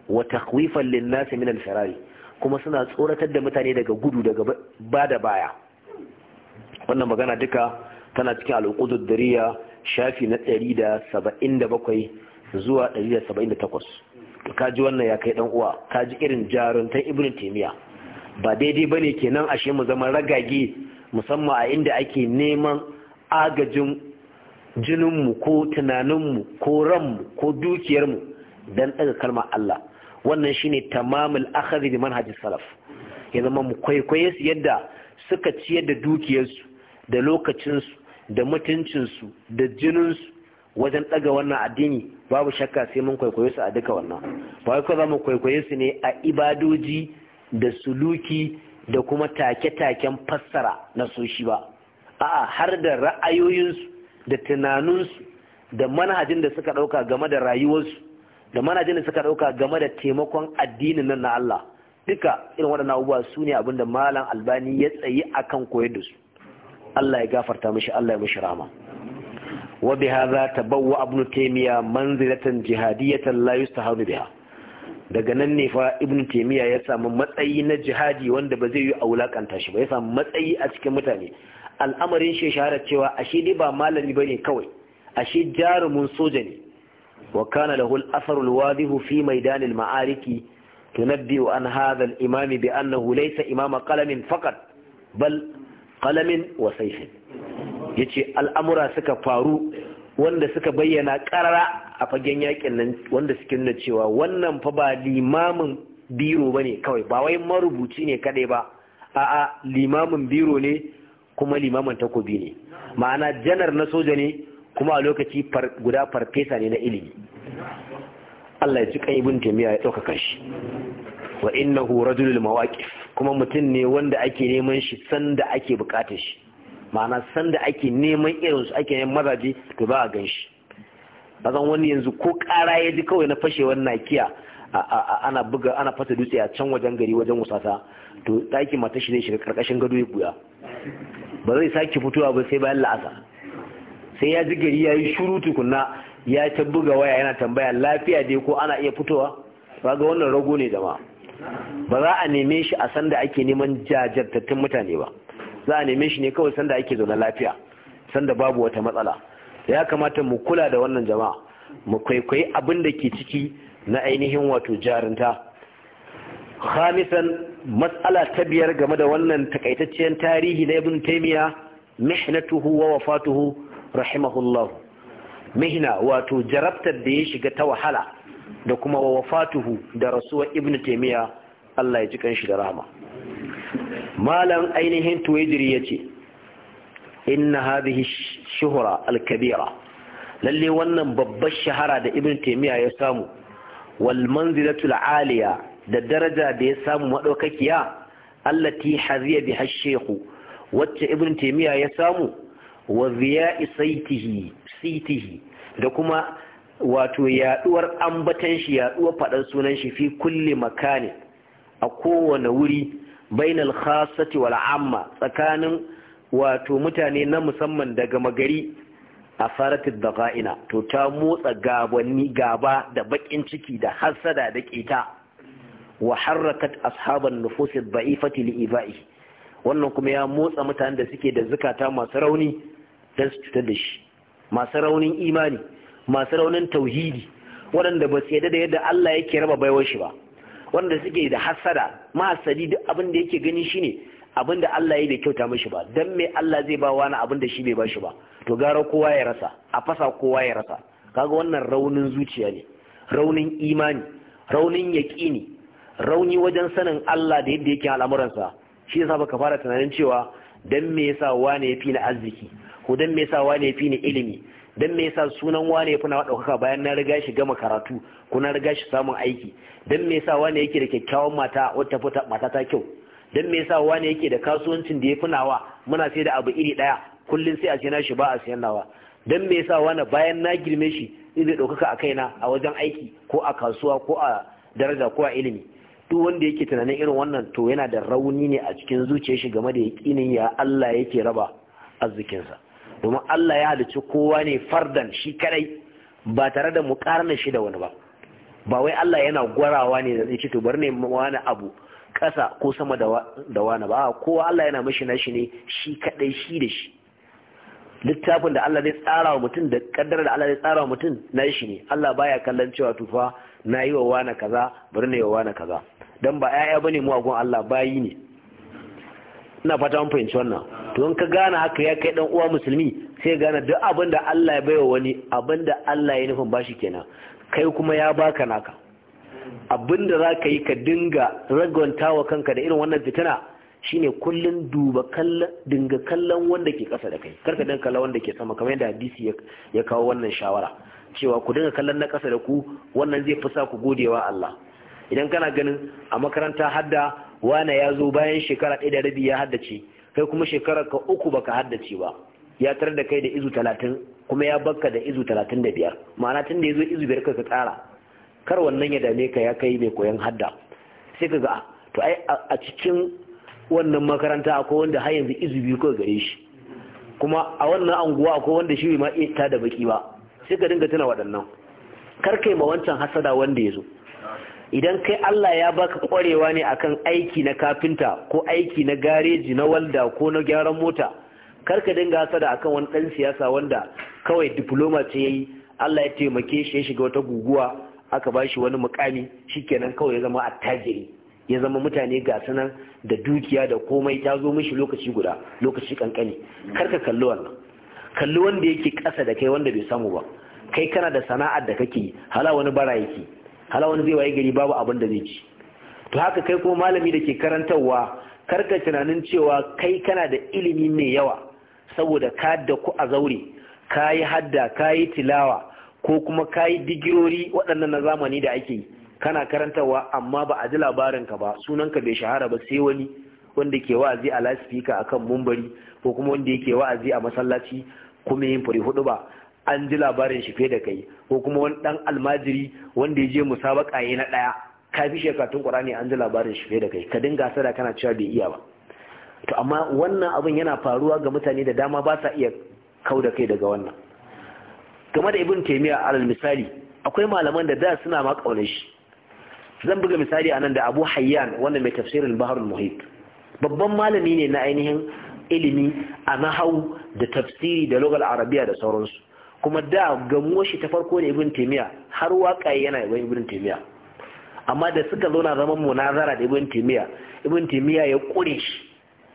S1: wa takhwifan lin-nas min al kuma suna tsoratar da mutane daga gudu daga ba da baya wannan magana duka tana cikin al'uqudud dariya shafi na 177 zuwa 178 kaji wannan ya kai dan uwa kaji irin jaruntan ibn taymiya ba daidai ba ne kenan ashe mu zama ragage musamman a inda ake neman agajin jininmu ko tunaninmu ko ranmu ko dukiyarmu don daga kalmar Allah wannan shine tamamul akari da manhajis salaf ya zama mu kwaikwaye su yadda suka ciyar da dukiyarsu da lokacinsu da mutuncinsu da jininsu wajen ɗaga wannan addini babu shakka sai mun kwaikwayo su a duka wannan ba wai za mu kwaikwaye su ne a ibadoji da suluki da kuma take-taken fassara na soshi ba a'a har da ra'ayoyinsu da tunaninsu da manhajin da suka ɗauka game da rayuwarsu da manhajin da suka ɗauka game da taimakon addinin nan na Allah duka irin waɗannan abubuwa su ne abin da malam albani ya tsayi akan koyar da su Allah ya gafarta mishi Allah ya mishi rama. wa bihadha tabawwa ibn taymiya manzilatan jihadiyatan la yustahadu biha daga nan ne fa ibn taymiya ya samu matsayi na jihadi wanda ba zai yi aulakanta shi ba ya samu matsayi a cikin mutane al'amarin shi shahara cewa ashe dai ba malami bane kawai ashe jarumin soja ne wa kana lahu al-athar al-wadih fi maidan al-ma'ariki tunabbi an hadha al-imam bi annahu laysa imama qalamin faqat bal qalamin wa sayfin yace al'amura suka faru wanda suka bayyana ƙarara a fagen yakin nan wanda suke nuna cewa wannan fa ba limamin biro bane kawai ba wai marubuci ne kadai ba a'a limamin biro ne kuma limamin takobi ne ma'ana janar na soja ne kuma a lokaci guda farfesa ne na ilimi Allah ya ci kan ibn ya ɗaukaka shi wa innahu rajulul mawaqif kuma mutum ne wanda ake neman shi sanda ake bukatar shi ma'ana sanda ake neman irin su ake neman mazaje to ba a ganshi shi bazan wani yanzu ko kara ya ji kawai na fashewar nakiya ana buga ana fata dutse a can wajen gari wajen wasasa to ɗakin mata shi ne shiga karkashin gado ya buya ba zai sake fitowa ba sai bayan la'asa sai ya ji gari ya yi shuru tukunna ya ta buga waya yana tambaya lafiya dai ko ana iya fitowa ba ga wannan rago ne jama'a ba za a neme shi a sanda ake neman jajartattun mutane ba za a neme shi ne kawai sanda ake zaune lafiya sanda babu wata matsala ya kamata mu kula da wannan jama'a mu kwaikwayi abin da ke ciki na ainihin wato jarinta khamisan matsala ta biyar game da wannan takaitacciyar tarihi na ibn taymiya mihnatuhu wa wafatuhu rahimahullah mihna wato jarabtar da ya shiga ta wahala da kuma wa wafatuhu da rasuwar ibn taimiyya Allah ya ji kanshi da rahama malam ainihin tuwajiri ya ce inna hadhihi shuhura al-kabira lalle wannan babbar shahara da ibn taimiyya ya samu wal manzilatul aliya da daraja da ya samu madaukakiya allati haziya biha shaykhu wacce ibn taimiyya ya samu wa ziya'i saitihi sitihi da kuma wato yaduwar ambatan shi yaduwar faɗan sunan shi fi kulli makani a kowane wuri bainal khasati wal amma tsakanin wato mutane na musamman daga magari a faratin daga'ina to ta motsa gabanni gaba da bakin ciki da hasada da ƙeta wa harrakat ashaban nufusi da'ifati li'iba'i wannan kuma ya motsa mutanen da suke da zukata masu rauni don su cutar da shi masu raunin imani masu raunin tauhidi waɗanda ba su yadda da yadda Allah yake raba baiwar shi ba waɗanda suke da hasada mahasadi duk abin da yake gani shine abin da Allah ya bai kyauta mishi ba dan me Allah zai ba wani abin da shi bai ba shi ba to gara kowa ya rasa a fasa kowa ya rasa kaga wannan raunin zuciya ne raunin imani raunin yaƙini rauni wajen sanin Allah da yadda yake al'amuransa shi yasa baka fara tunanin cewa dan me yasa wani ya fi ni arziki ko dan me yasa wani ya fi ni ilimi dan me yasa sunan wane yafi na ɗaukaka bayan na riga shi gama karatu ko na riga shi samun aiki dan me yasa wane yake da kyakkyawan mata wata fita mata ta kyau dan me yasa wane yake da kasuwancin da yafi nawa muna sai da abu iri daya kullun sai a ce shi ba a siyan nawa dan me yasa wane bayan na girme shi zai ɗaukaka a kaina a wajen aiki ko a kasuwa ko a daraja ko a ilimi duk wanda yake tunanin irin wannan to yana da rauni ne a cikin zuciyar shi game da yaƙinin ya Allah yake raba arzikinsa. domin Allah ya halicci kowa ne fardan shi kadai ba tare da mu karna shi da wani ba ba wai Allah yana gwarawa ne da zai to bar ne wani abu ƙasa ko sama da wani ba kowa Allah yana mashi nashi ne shi kadai shi da shi littafin da Allah zai tsara wa mutum da kaddar da Allah zai tsara wa mutum na shi ne Allah baya kallon cewa tufa na yi wa wani kaza bari na wa wani kaza dan ba 'ya'ya bane mu a gun Allah bayi ne ina fata mun fahimci wannan to in ka gane haka ya kai dan uwa musulmi sai gane duk abin da Allah ya baiwa wani abin da Allah ya nufin bashi kenan kai kuma ya baka naka abin da zaka yi ka dinga ragwantawa kanka da irin wannan fitina shine kullun duba kallon dinga kallon wanda ke kasa da kai karka dinga kallon wanda ke sama kamar yadda hadisi ya kawo wannan shawara cewa ku dinga kallon na kasa da ku wannan zai fi sa ku godewa Allah idan kana ganin a makaranta hadda wane ya zo bayan shekara ɗaya da rabi ya haddace kai kuma shekarar ka uku baka haddace ba ya tar da kai da izu talatin kuma ya bakka da izu talatin da biyar ma'ana tun da ya zo izu biyar ka tsara kar wannan ya dame ka ya kai mai koyan hadda sai ka ga ah, to ai a cikin wannan makaranta akwai wanda har yanzu izu biyu kawai gare shi kuma a wannan anguwa akwai wanda shi ma iya ta da baki ba sai ka dinga tuna waɗannan kar kai ma wancan hasada wanda ya zo idan kai Allah ya baka kwarewa ne akan aiki na kafinta ko aiki na gareji na walda ko na gyaran mota kar ka dinga hasada akan wani dan siyasa wanda kawai diploma ce yayi Allah ya taimake shi ya shiga wata guguwa aka bashi wani mukami shikenan kawai ya zama attajiri ya zama mutane ga sanan da dukiya da komai ta zo mishi lokaci guda lokaci kankani karka kalli wannan kalli wanda yake kasa da kai wanda bai samu ba kai kana da sana'ar da kake hala wani bara yake hala wani zai waye gari babu abin da zai ci to haka kai kuma malami da ke karantarwa karka tunanin cewa kai kana da ilimi mai yawa saboda ka da ku a zaure ka yi hadda ka yi tilawa ko kuma ka yi digirori waɗannan na zamani da ake yi kana karantarwa amma ba a ji labarin ka ba sunanka bai shahara ba sai wani wanda ke wa'azi a lasifika kan mumbari ko kuma wanda yake wa'azi a masallaci kuma yin fari hudu ba an ji labarin shi fiye da kai ko kuma wani dan almajiri wanda ya je musabaka yayi na ɗaya. ka bi shekatun qur'ani an ji labarin shi da kai ka dinga sada kana cewa bai iya ba to amma wannan abin yana faruwa ga mutane da dama ba sa iya kau da kai daga wannan game da ibn taymiya alal misali akwai malaman da da suna ma kaunar shi zan buga misali anan da abu hayyan wanda mai tafsirin baharul muhit babban malami ne na ainihin ilimi a nahau da tafsiri da lokal arabiya da sauransu kuma da gamuwar shi ta farko da ibn taymiya har waka yana yaban ibn taymiya amma da suka zo na zaman munazara da ibn taymiya ibn taymiya ya kure shi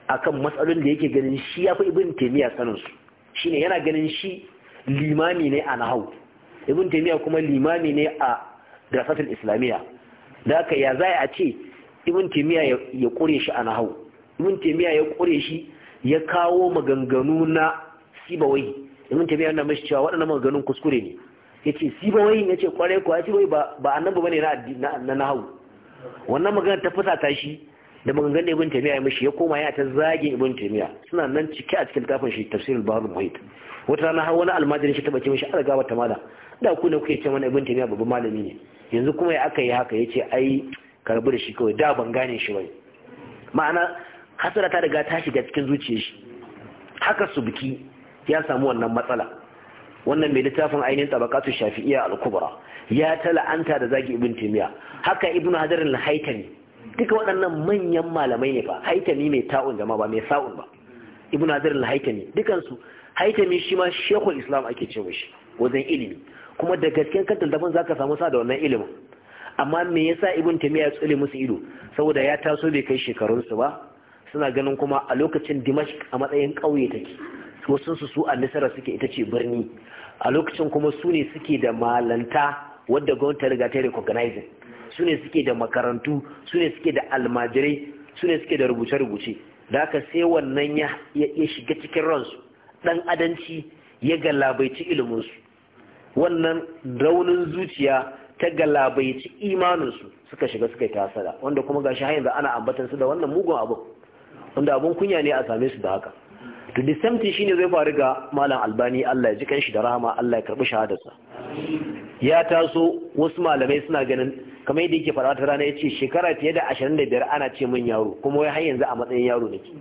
S1: akan matsalolin da yake ganin shi yafi ibn taymiya sanin su shine yana ganin shi limami ne a nahau ibn taymiya kuma limami ne a dirasatul islamiyya da haka ya za a ce ibn taymiya ya kure shi a nahau ibn taymiya ya kure shi ya kawo maganganu na sibawai ibn tabi'a na mashi cewa waɗannan ganin kuskure ne yace ya yace kwarai ko yace wai ba ba annabi bane na na nahu wannan magana ta fasa ta shi da maganganun ibn tabi'a ya mashi ya koma ya ta zagin ibn tabi'a suna nan cike a cikin tafin shi tafsirul bahrul muhit wata rana har wani almajirin shi ta bace mashi gaba wata mala da ku ne kuke ce mana ibn tabi'a babban malami ne yanzu kuma ya aka yi haka yace ai karbi da shi kawai da ban gane shi bane ma'ana hasara ta riga ta shiga cikin zuciyar shi haka su biki. ya samu wannan matsala wannan mai littafin ainihin tabakatu shafi'iyya al-kubra ya tala'anta da zagi ibn timiya haka ibn hajar al haitami duka waɗannan manyan malamai ne fa haitami mai ta'un jama'a ba mai sa'un ba ibn hajar al haitami dukan su haitami shi ma shekul islam ake ce shi wajen ilimi kuma da gasken kan tantafin zaka samu sa da wannan ilimin amma me yasa ibn timiya ya tsule musu ido saboda ya taso bai kai shekarunsu ba suna ganin kuma a lokacin dimashq a matsayin ƙauye take wasu su su a nasara suke ita ce birni a lokacin kuma su ne suke da malanta wadda gwamnati ta riga ta recognize su ne suke da makarantu su ne suke da almajirai su ne suke da rubuce-rubuce da aka sai wannan ya shiga cikin ransu dan adanci ya galabaici iliminsu wannan raunin zuciya ta galabaici imaninsu suka shiga suka yi tasara wanda kuma gashi har da ana ambatan su da wannan mugun abu wanda abun kunya ne a same su da haka to the same thing shine zai faru ga malam albani Allah ya ji kanshi da rahama Allah ya karbi shahadarsa ya taso wasu malamai suna ganin kamar yadda yake faɗa ta rana ya ce shekara fiye da 25 ana ce min yaro kuma wai har yanzu a matsayin yaro nake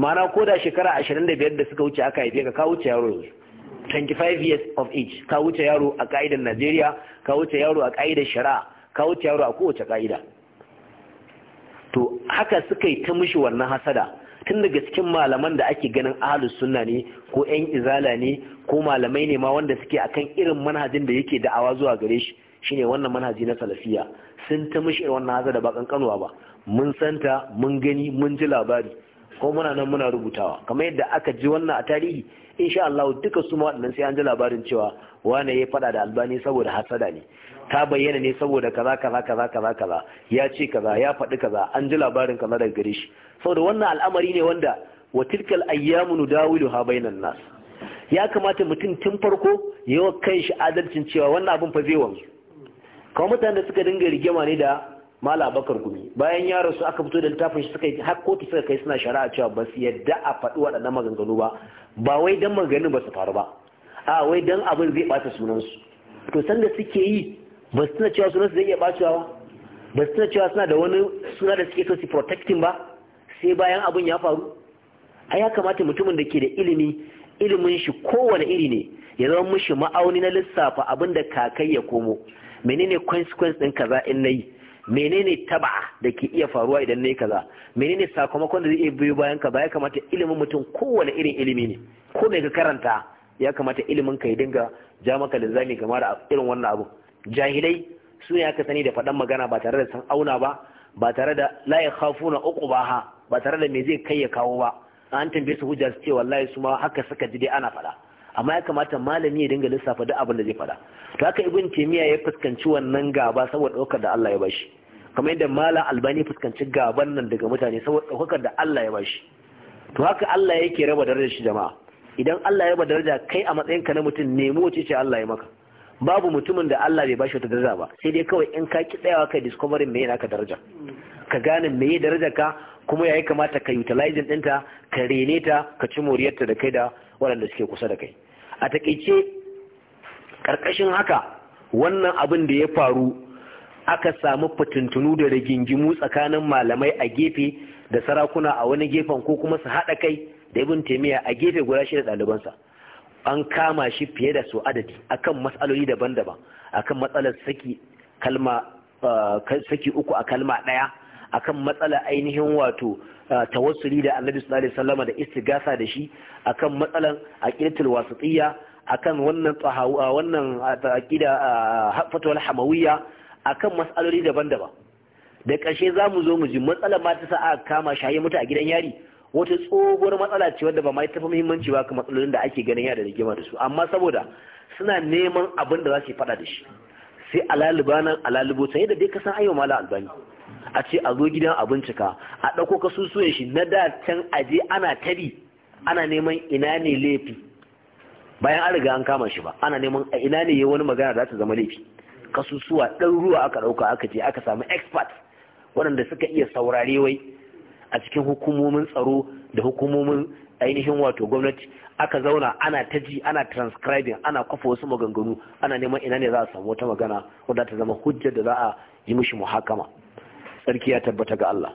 S1: ma'ana ko da shekara 25 da suka wuce aka haife ka wuce yaro yanzu 25 years of age ka wuce yaro a ka'idar Najeriya ka wuce yaro a ka'idar shari'a ka wuce yaro a kowace ka'ida to haka suka yi ta mishi wannan hasada tun daga cikin malaman da ake ganin ahlus sunna ne ko yan izala ne ko malamai ne ma wanda suke akan irin manhajin da yake da'awa zuwa gare shi shine wannan manhaji na salafiya sun ta mishi wannan haza da ba kankanuwa ba mun santa mun gani mun ji labari ko muna nan muna rubutawa kamar yadda aka ji wannan a tarihi insha Allah duka su ma waɗannan sai an ji labarin cewa wane ya faɗa da albani saboda hasada ne ta bayyana ne saboda kaza kaza kaza kaza kaza ya ce kaza ya faɗi kaza an ji labarin kaza daga gare shi saboda wannan al'amari ne wanda wa tilkal ayyamu nudawilu ha bainan nas ya kamata mutum tun farko ya kan kanshi adalcin cewa wannan abin fa zai wani kawai mutanen da suka dinga rigima ne da mala bakar gumi bayan ya rasu aka fito da littafin shi suka yi har kotu suka kai suna shari'a cewa ba su yadda a faɗi waɗannan maganganu ba ba wai dan maganganu ba su faru ba a wai dan abin zai ɓata sunansu to sanda suke yi ba su tuna cewa sunansu zai iya bacewa ba ba su cewa suna da wani suna da suke so su protecting ba sai bayan abun ya faru a ya kamata mutumin da ke da ilimi ilimin shi kowane iri ne ya zama mishi ma'auni na lissafa abin da kakai ya komo menene consequence din kaza in nayi menene taba da ke iya faruwa idan nayi kaza menene sakamakon da zai iya biyo bayan kaza ya kamata ilimin mutum kowane irin ilimi ne ko mai ka karanta ya kamata ilimin ka ya dinga ja maka linzami game da irin wannan abu jahilai su ne aka sani da faɗan magana ba tare da san auna ba ba tare da la hafu na uku ba tare da me zai kai ya kawo ba an tambaye su hujja su ce wallahi su ma haka suka ji dai ana faɗa amma ya kamata malami ya dinga lissafa duk abin da zai faɗa to haka ibn taymiya ya fuskanci wannan gaba saboda ɗaukar da Allah ya bashi kamar yadda malam albani fuskanci gaban nan daga mutane saboda ɗaukar da Allah ya bashi to haka Allah yake raba darajar shi jama'a idan Allah ya raba daraja kai a matsayinka na mutum nemo ce ce Allah ya maka babu mutumin da Allah bai bashi wata daraja ba sai dai kawai in ka ki tsayawa kai discovering me yana ka daraja ka gane me ya daraja ka kuma yayi kamata ka utilizing ɗinta ka rene ta ka ci moriyarta da kai da waɗanda suke kusa da kai a takeice karkashin haka wannan abin da ya faru aka samu fitintunu da rigingimu tsakanin malamai a gefe da sarakuna a wani gefen ko kuma su haɗa kai da ibn taimiyya a gefe guda shi da ɗalibansa an kama shi fiye da su adadi akan matsaloli daban-daban akan matsalar saki kalma eh, saki uku a kalma ɗaya akan matsalar ainihin wato eh, tawassuli da annabi sallallahu alaihi wasallam da gasa da shi akan matsalar aqidatul wasu akan wannan tahawa eh, wannan aqida hafatul hamawiyya akan matsaloli daban-daban da ƙarshe za mu zo mu ji matsalar ma ta sa kama shaye mutu a gidan yari wata tsohuwar matsala ce wadda ba ma tafi muhimmanci ba ka matsalolin da ake ganin ya rigima da su amma saboda suna neman abin da za su faɗa da shi sai alaliba nan alalibo can yadda dai ka san ayyau mala albani a ce a zo gidan abun cika, a ɗauko kasusuwan shi na da can aje ana tabi ana neman ina ne laifi bayan an riga an kama shi ba ana neman a ina ne wani magana za ta zama laifi kasusuwa ɗan ruwa aka ɗauka aka je aka samu expert waɗanda suka iya saurare wai a cikin hukumomin tsaro da hukumomin ainihin wato gwamnati aka zauna ana ta ji ana transcribing ana kwafa wasu maganganu ana neman ina ne za a samu wata magana wadda ta zama hujjar da za a yi mishi muhakama sarki ya tabbata ga Allah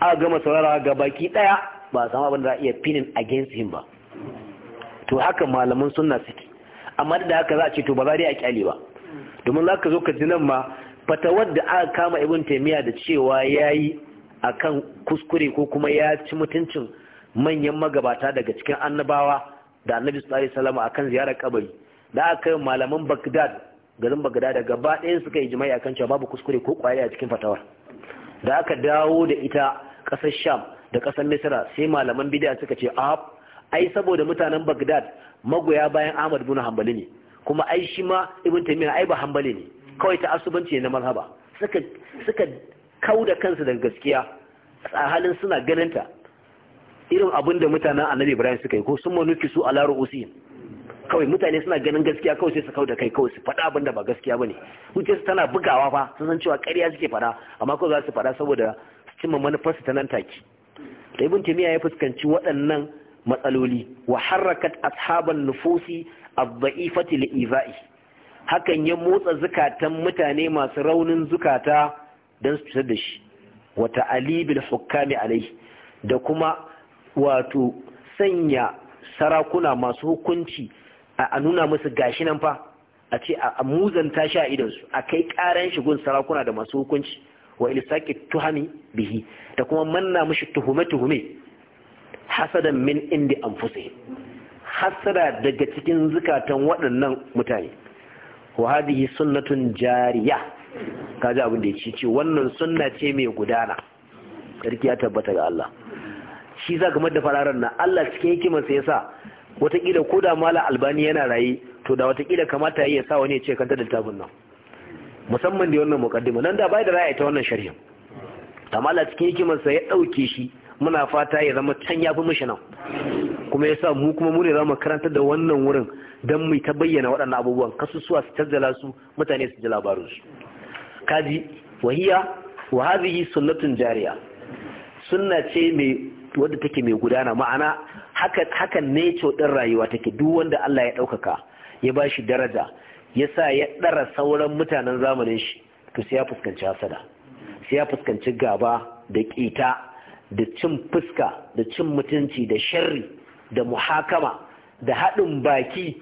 S1: a gama saurara ga baki daya ba a samu abin da za a iya pinin against him ba to haka malaman sunna suke amma da haka za a ce to ba za dai a kyale ba domin za ka zo ka ji nan ma fatawar da aka kama ibn taymiya da cewa yayi akan kuskure ko kuma ya ci mutuncin manyan magabata daga cikin annabawa da annabi sallallahu alaihi wasallam akan ziyarar kabari da aka yi malaman Baghdad garin Baghdad da gaba ɗayan suka yi jima'i akan cewa babu kuskure ko kwari a cikin fatawar da aka dawo da ita ƙasar Sham da ƙasar Misra sai malaman bid'a suka ce a ai saboda mutanen Baghdad magoya bayan Ahmad bin Hanbali ne kuma ai shi ma Ibn Taymiyyah ai ba Hanbali ne kawai ta asubanci ne na mazhaba suka suka kau da kansu daga gaskiya a halin suna ganinta irin abin da mutanen annabi ibrahim suka yi ko sun manufi su ala usi kawai mutane suna ganin gaskiya kawai sai su kau da kai kawai su faɗa abin da ba gaskiya ba ne. hujjar su tana bugawa fa sun san cewa ƙarya suke faɗa amma kawai za su faɗa saboda su cimma manufar ta nan take da ibn timiya ya fuskanci waɗannan matsaloli wa harrakat ashaban nufusi ad-da'ifati hakan ya motsa zukatan mutane masu raunin zukata don su cutar da shi wata alibil hukami alai da kuma wato sanya sarakuna masu hukunci a nuna musu gashi nan fa a ce a muzanta shi a idansu a kai karan shigun sarakuna da masu hukunci wa ilsaki tuhami bihi da kuma manna mushi tuhume-tuhume hasadan min indi anfusihim hasada daga cikin zukatan waɗannan mutane wa hadhihi sunnatun jariya kaji abin da ya ce wannan sunna ce mai gudana sarki ya tabbata ga Allah shi za ka da fararen na Allah cikin hikimarsa ya sa watakila ko da mala albani yana raye to da watakila kamata ya sa wani ya ce kanta da littafin nan musamman da wannan mukaddima nan da bai da ra'ayi ta wannan sharhin amma Allah cikin hikimarsa ya dauke shi muna fata ya zama can ya fi mishi nan kuma ya sa mu kuma mu ne zama karantar da wannan wurin dan mu ta bayyana waɗannan abubuwan kasusuwa su tazzala su mutane su ji su. kaji wahiya wa hadhihi sunnatun jariya sunna ce mai wadda take mai gudana ma'ana haka hakan ne ce rayuwa take duk wanda Allah ya ɗaukaka ya bashi daraja ya sa ya ɗara sauran mutanen zamanin shi to sai ya fuskanci hasada sai ya fuskanci gaba da ƙita da cin fuska da cin mutunci da sharri da muhakama da haɗin baki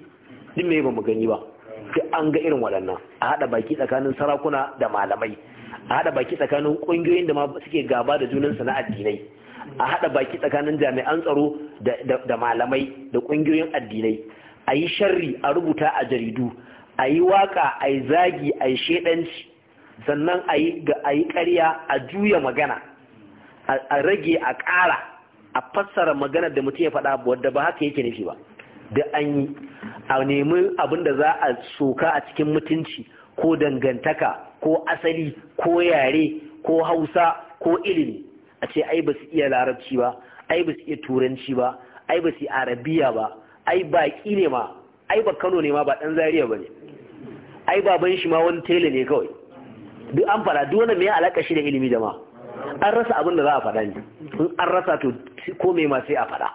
S1: din mai ba mu gani ba duk an ga irin waɗannan a haɗa baki tsakanin sarakuna da malamai a haɗa baki tsakanin ƙungiyoyin da suke gaba da junansu na addinai a haɗa baki tsakanin jami'an tsaro da malamai da ƙungiyoyin addinai a yi sharri a rubuta a jaridu a yi waƙa a yi zagi a yi shaidanci sannan a yi ƙarya a juya magana a rage a ƙara a fassara maganar da mutum ya faɗa wadda ba haka yake nufi ba da an yi a nemi abin da za a soka a cikin mutunci ko dangantaka ko asali ko yare ko hausa ko ilimi a ce ai ba su iya larabci ba ai ba su iya turanci ba ai ba su iya arabiya ba ai baƙi ne ma ai ba kano ne ma ba ɗan zaria ba ne ai baban shi ma wani tele ne kawai duk an faɗa duk wani mai alaƙa shi da ilimi ma an rasa abin da za a faɗa ne in an rasa to ko mai ma sai a faɗa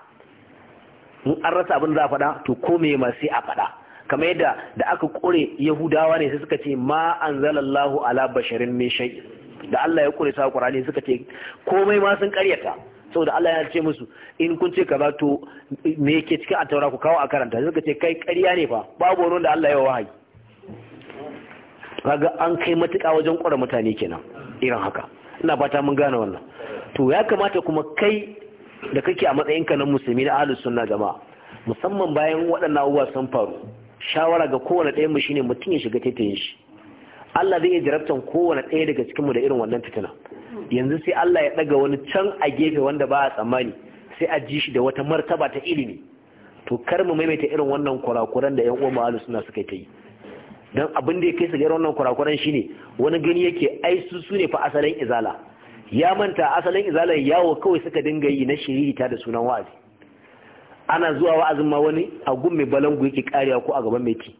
S1: in an rasa abin za a faɗa to ko me ma sai a faɗa kamar yadda da aka kore yahudawa ne sai suka ce ma anzalallahu ala basharin min shay da Allah ya kore sa Qur'ani suka ce komai ma sun karyata saboda Allah ya ce musu in kun ce kaza to me yake cikin a taura ku kawo a karanta suka ce kai karya ne fa babu wani da Allah ya wahayi kaga an kai matuka wajen ƙware mutane kenan irin haka ina fata mun gane wannan to ya kamata kuma kai da kake a matsayinka na musulmi na ahlus sunna jama'a musamman bayan waɗannan abubuwa sun faru shawara ga kowane ɗayan mu shine mutum ya shiga taitayin shi Allah zai iya jarabtan kowane ɗaya daga cikinmu da irin wannan fitina yanzu sai Allah ya ɗaga wani can a gefe wanda ba a tsammani sai a ji shi da wata martaba ta ilimi to kar mu maimaita irin wannan kurakuran da 'yan uwan ma'alu suna suka yi dan abin da ya kai su ga wannan kurakuran shine wani gani yake ai su su ne fa asalin izala ya manta asalin izalar yawo kawai suka dinga yi na shirita da sunan wa'azi ana zuwa wa'azin ma wani a gun mai balangu yake karewa ko a gaban meti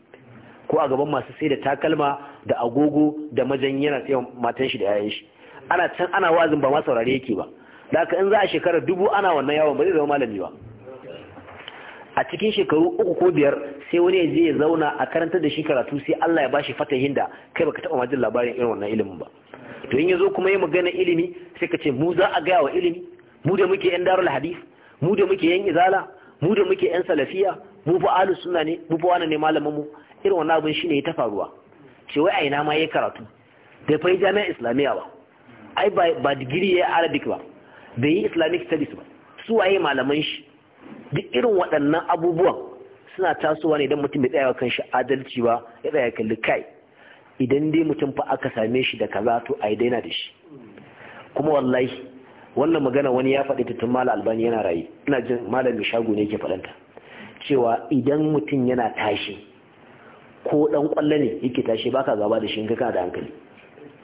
S1: ko a gaban masu sai da takalma da agogo da majan yana sai matan shi da yayin shi ana can ana wa'azin ba ma saurare yake ba da haka in za a shekarar dubu ana wannan yawon ba zai zama malami ba a cikin shekaru uku ko biyar sai wani ya je ya zauna a karantar da shi karatu sai Allah ya bashi fatahin da kai baka taba majin labarin irin wannan ilimin ba to in yazo kuma ya magana ilimi sai ka ce mu za a gaya wa ilimi mu da muke yan darul hadith mu da muke yan izala mu da muke yan salafiya mu fa ahlus sunna ne mu fa wani ne malamin mu irin wannan abin shine ya ta faruwa ce wai a ina ma yayi karatu bai fa jami'a islamiyya ba ai ba digiri ya arabic ba bai yi islamic studies ba su waye malaman shi duk irin waɗannan abubuwan suna tasowa ne idan mutum bai tsaya kan shi adalci ba ya tsaya kalli kai idan dai mutum fa aka same shi da kaza to a daina da shi kuma wallahi wannan magana wani ya faɗi tun mala albani yana rayu. ina jin malami shago ne ke faɗanta cewa idan mutum yana tashi ko ɗan ƙwallo ne yake tashi baka gaba da shi in ka da hankali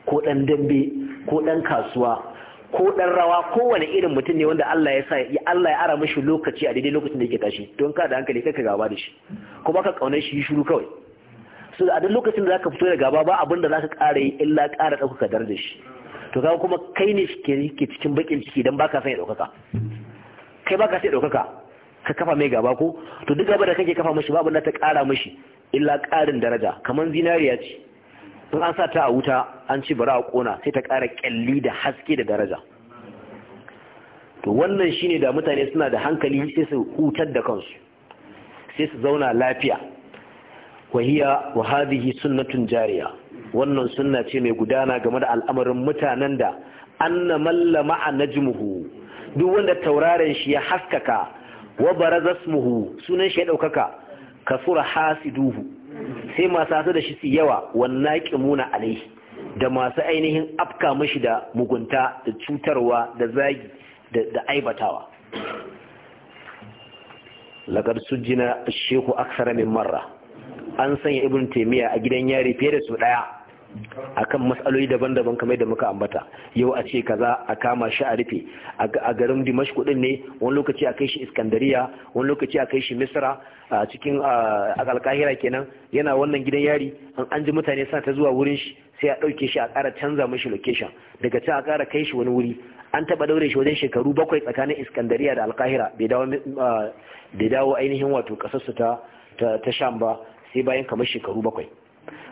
S1: ko ɗan dambe ko ɗan kasuwa ko ɗan rawa kowane irin mutum ne wanda Allah ya sa Allah ya ara mishi lokaci a daidai lokacin da yake tashi don ka da hankali kai ka gaba da shi kuma ka kaunar shi shiru kawai su a duk lokacin da zaka fito da gaba ba abin da zaka ƙara yi illa ƙara ɗaukaka darajar shi to kaga kuma kai ne ke cikin bakin ciki dan baka sai ya ɗaukaka kai baka sai ɗaukaka ka kafa mai gaba ko to duk gaba da kake kafa mashi babu da ta ƙara mashi illa ƙarin daraja kamar zinariya ce in an sa ta a wuta an ci bara a ƙona sai ta ƙara ƙyalli da haske da daraja to wannan shine da mutane suna da hankali sai su hutar da kansu sai su zauna lafiya wahiya wa hadihi sunnatun jariya wannan sunna ce mai gudana game da al'amarin mutanen da anna mallama a najmuhu duk wanda tauraren shi ya haskaka wa barazasmuhu sunan shi ya daukaka kasura hasiduhu sai masu hasu da shi su yawa wannan kimuna alaihi da masu ainihin afka mashi da mugunta da cutarwa da zagi da aibatawa Lagarsu sujjina Shehu shaykhu akthara min an sanya ibn taimiyya a gidan yari fiye da su daya akan matsaloli daban-daban kamar da muka ambata yau a ce kaza a kama shi a rufe a garin Dimash din ne wani lokaci a kai shi iskandariya wani lokaci a kai shi misra a cikin alkahira kenan yana wannan gidan yari an ji mutane sa ta zuwa wurin shi sai a ɗauke shi a ƙara canza mashi location daga can a ƙara kai shi wani wuri an taɓa daure shi wajen shekaru bakwai tsakanin iskandariya da alkahira bai dawo ainihin wato ƙasarsu ta sham ba sai bayan kamar shekaru bakwai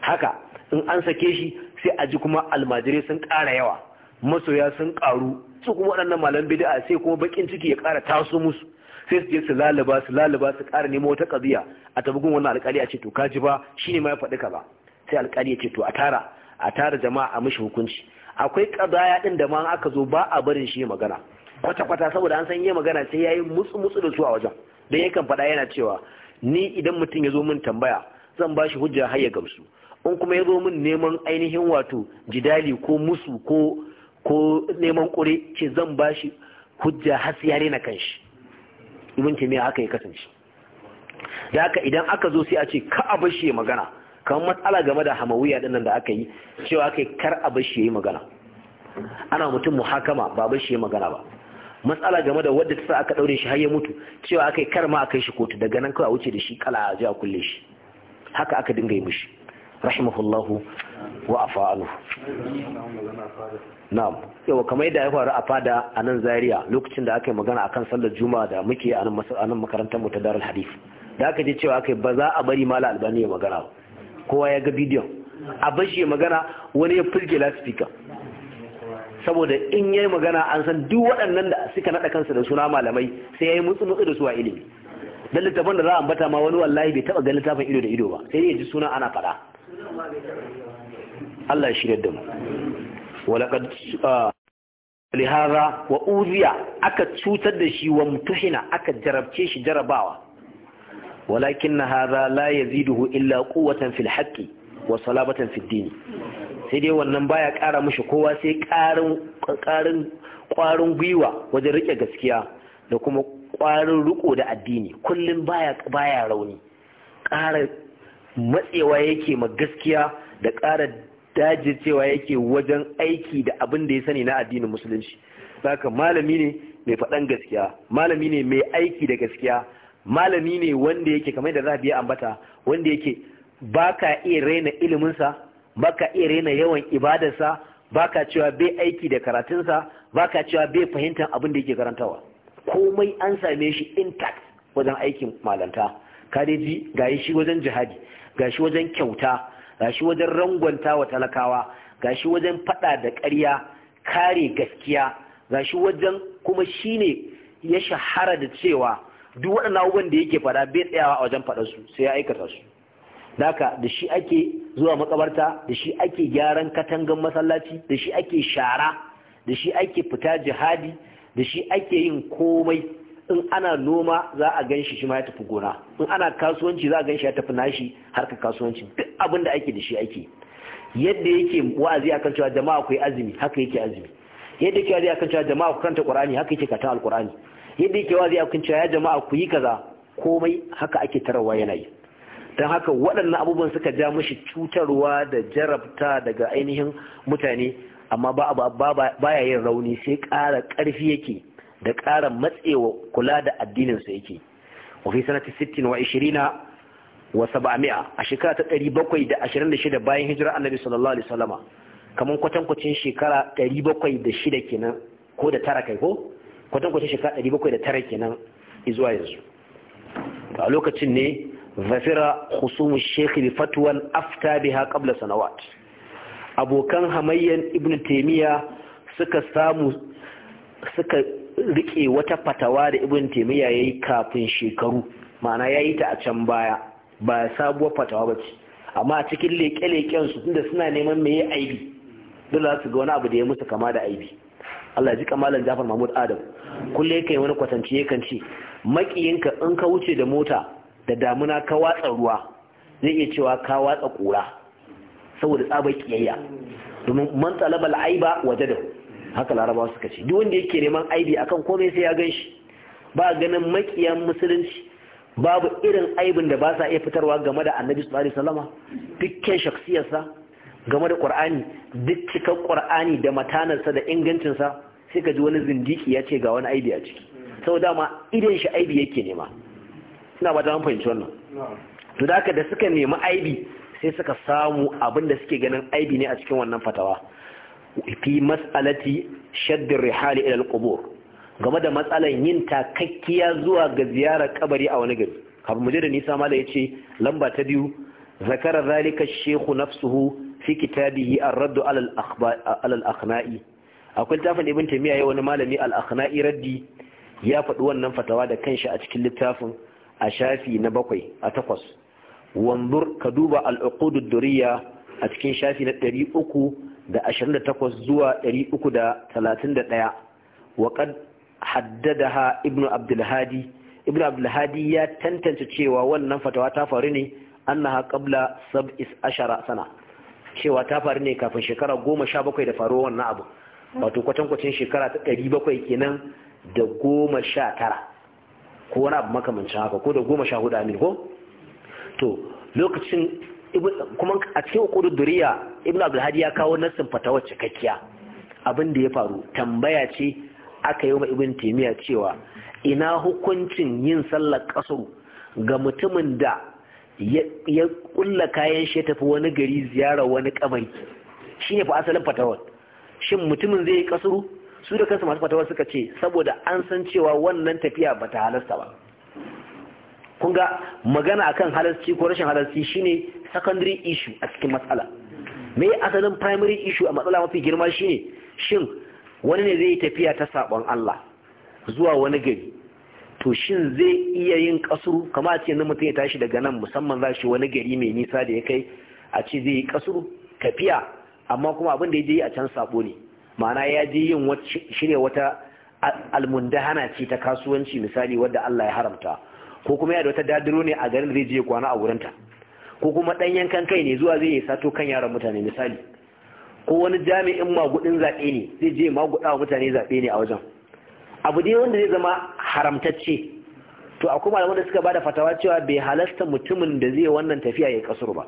S1: haka in an sake shi sai a ji kuma almajirai sun ƙara yawa masoya sun ƙaru su kuma waɗannan malam bid'a sai kuma bakin ciki ya ƙara taso musu sai su je su lalaba su lalaba su ƙara nemo wata ƙabiya a gun wannan alƙali a ce to kaji ba shine ma ya faɗi ka ba sai alƙali ya ce to a tara a tara jama'a a mishi hukunci akwai ƙadaya ɗin da ma aka zo ba a barin shi magana kwata-kwata saboda an san yi magana sai ya yi mutsu-mutsu da su a wajen don yakan faɗa yana cewa ni idan mutum ya zo min tambaya zan ba shi hujja har ya gamsu in kuma ya zo min neman ainihin wato jidali ko musu ko ko neman kure ce zan ba shi hujja har ya rena kanshi ibn taymiya haka ya kasance da haka idan aka zo sai a ce ka a bashi ya magana kamar matsala game da hamawiya nan da aka yi cewa kai kar a bashi ya yi magana ana mutum muhakama ba bashi ya magana ba matsala game da wadda ta sa aka ɗaure shi har ya mutu cewa aka yi kar ma yi shi kotu daga nan kawai a wuce da shi kala a ji a kulle shi haka aka dinga yi mishi rahimahullahu wa afa na'am yawa kamar yadda ya faru a fada a nan Zariya lokacin da aka yi magana akan sallar juma'a da muke a nan makarantar mu ta darul hadith da aka ji cewa aka ba za a bari mala albani ya magana kowa ya ga bidiyon a bashi ya magana wani ya fulge lasifika saboda in yi magana an san duk waɗannan da suka naɗa kansu da suna malamai sai yi mutsu mutsu da su a ilimi Don littafin da za a ambata ma wani wallahi bai taɓa ga littafin ido da ido ba sai ya ji suna ana faɗa Allah ya shirya da mu walaƙar ah, lihara wa uziya aka cutar da shi wa mutuhina aka jarabce shi jarabawa walakin hadha la yaziduhu illa quwwatan fil haqqi wa salabatan fiddin sai dai wannan baya kara mashi kowa sai karin ƙwarin gwiwa wajen rike gaskiya da kuma kwarin riko da addini kullum baya baya rauni kara matsewa yake ma gaskiya da kara dajicewa yake wajen aiki da abin da ya sani na addinin musulunci saka malami ne mai faɗan gaskiya malami ne mai aiki da gaskiya malami ne wanda yake kamar da za a ambata wanda yake ba ka iya raina iliminsa ba ka iya raina yawan ibadarsa ba ka cewa bai aiki da karatunsa ba ka cewa bai fahimtar abin da yake karantawa komai an same shi intact wajen aikin malanta ka dai ji gayi shi wajen jihadi gashi wajen kyauta gashi wajen rangwanta wa talakawa gashi wajen faɗa da ƙarya kare gaskiya gashi wajen kuma shi ne ya shahara da cewa duk waɗannan abubuwan da yake faɗa bai tsayawa a wajen faɗa su sai ya aikata su Daka da shi ake zuwa makabarta, da shi ake gyaran katangan masallaci, da shi ake shara, da shi ake fita jihadi, da shi ake yin komai. In ana noma za a gan shi shi ma ya tafi gona, in ana kasuwanci za a gan shi ya tafi nashi harka kasuwanci duk abin da ake da shi ake. Yadda yake wa'azi akan cewa jama'a akwai azumi, haka yake azumi. Yadda yake wa'azi akan cewa jama'a ku karanta Qur'ani, haka yake karatun Al-Qur'ani. Yadda yake wa'azi akan cewa ya jama'a ku yi kaza, komai haka ake tarawa yana yi. don haka waɗannan abubuwan suka ja mashi cutarwa da jarabta daga ainihin mutane amma ba baya yin rauni sai ƙara ƙarfi yake da ƙara matsewa kula da addininsa yake wafi sanatar sittin wa ishirina wa saba'amiya, a shekara ta ɗari bakwai da da ashirin shida bayan hijira annabi sallallahu alaihi wasallama kamar kwatankwacin shekara ɗari bakwai da shida kenan ko da tara kai ko kwatankwacin shekara ɗari bakwai da tara kenan izuwa yanzu a lokacin ne zafira khusumu shekhi bi fatuwan afta biha sanawat abokan hamayyan ibn taymiya suka samu suka rike wata fatawa da ibn taymiya yayi kafin shekaru ma'ana yayi ta a can baya ba sabuwar fatawa ba ce amma a cikin leƙe-leƙen su tunda suna neman me aibi dole za su ga wani abu da ya musu kama da aibi Allah ji kamalan Jafar Mahmud Adam kulle kai wani kwatance yakan ce makiyinka in ka wuce da mota da damuna ka watsa ruwa zai iya cewa ka watsa ƙura saboda tsabar kiyayya domin man talabal aiba waje da haka larabawa suka ce duk wanda yake neman aibi akan komai sai ya gan shi ba ganin makiyan musulunci babu irin aibin da ba sa iya fitarwa game da annabi sallallahu alaihi wasallama dukkan shaksiyarsa game da qur'ani duk cikar qur'ani da matanarsa da ingancinsa sai ka ji wani zindiki ya ce ga wani aibi a ciki sau ma idan shi aibi yake nema suna ba ta fahimci wannan to da aka da suka nemi aibi sai suka samu abin da suke ganin aibi ne a cikin wannan fatawa fi mas'alati shaddir rihali ila kubur game da matsalan yin takakkiya zuwa ga ziyarar kabari a wani gari kafin mu je da nisa mala ce lamba ta biyu zakara zalika shehu nafsuhu fi kitabihi ar-radd ala al-akhna'i akwai littafin ibn taymiya wani malami al-akhna'i raddi ya faɗi wannan fatawa da kanshi a cikin littafin a shafi na bakwai a takwas wanzur ka duba al'uqudud duriya a cikin shafi na ɗari uku da ashirin da takwas zuwa ɗari uku da talatin da ɗaya wa kad ha ibnu abdulhadi ibnu abdulhadi ya tantance cewa wannan fatawa ta faru ne annaha sab is ashara sana cewa ta faru ne kafin shekara goma sha bakwai da faruwar wannan abu wato kwatankwacin shekara ta ɗari bakwai kenan da goma sha tara ko wani abu makamancin haka ko da goma sha hudu amin ko to lokacin kuma a cikin ukudu duriya ibn abdulhadi ya kawo nassin fatawar cikakkiya abin da ya faru tambaya ce aka yi wa ibn taimiyya cewa ina hukuncin yin sallar kasaru ga mutumin da ya kulla kayan shi ya tafi wani gari ziyara wani kamari shine fa asalin fatawar shin mutumin zai yi kasuru su da kansu masu fatawa suka ce saboda an san cewa wannan tafiya ba ta halasta ba kun ga magana akan halarci ko rashin halarci shine secondary issue a cikin matsala me asalin primary issue a matsala mafi girma shine shin wani ne zai yi tafiya ta sabon Allah zuwa wani gari to shin zai iya yin kasuru kama a ce na mutum ya tashi daga nan musamman za shi wani gari mai nisa da ya kai a ce zai yi kasuru tafiya amma kuma abin da ya je a can sabo ne ma'ana ya je yin shirya wata almundahana ce ta kasuwanci misali wadda Allah ya haramta ko kuma ya da wata dadiro ne a garin zai je kwana a wurinta ko kuma dan yankan kai ne zuwa zai sato kan yaran mutane misali ko wani jami'in magudin zaɓe ne zai je maguda mutane zaɓe ne a wajen abu dai wanda zai zama haramtacce to akwai malaman da suka bada fatawa cewa bai halasta mutumin da zai wannan tafiya ya kasuru ba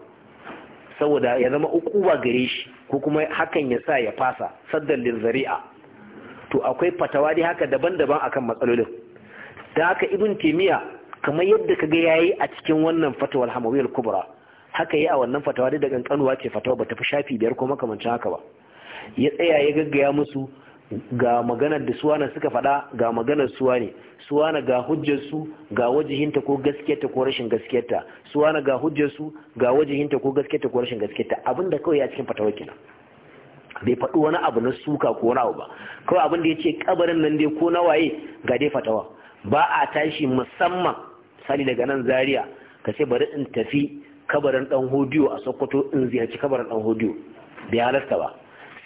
S1: saboda ya zama ukuwa gare shi ko kuma hakan ya sa ya fasa saddan zari'a to akwai fatawa dai haka daban-daban akan matsalolin da haka ibn timiya kamar yadda kaga yayi a cikin wannan fatawar hamawiyar kubra haka yi a wannan fatawa dai da kankanuwa ce fatawa bata fi shafi biyar ko makamancin haka ba ya tsaya ya gaggaya musu ga maganar da suwana suka faɗa ga maganar suwa ne suwana ga hujjarsu ga wajihinta ko gaskiyarta ko rashin gaskiyarta suwana ga hujjarsu ga wajihinta ko gaskiyarta ko rashin gaskiyarta abinda kawai ya cikin fatawa kenan bai faɗi wani abu na suka ko wani abu ba kawai abin da ya ce kabarin nan dai ko na waye ga dai fatawa ba a tashi musamman sani daga nan zaria ka ce bari in tafi kabarin dan hodiyo a sokoto in ziyarci kabarin dan hodiyo bai halasta ba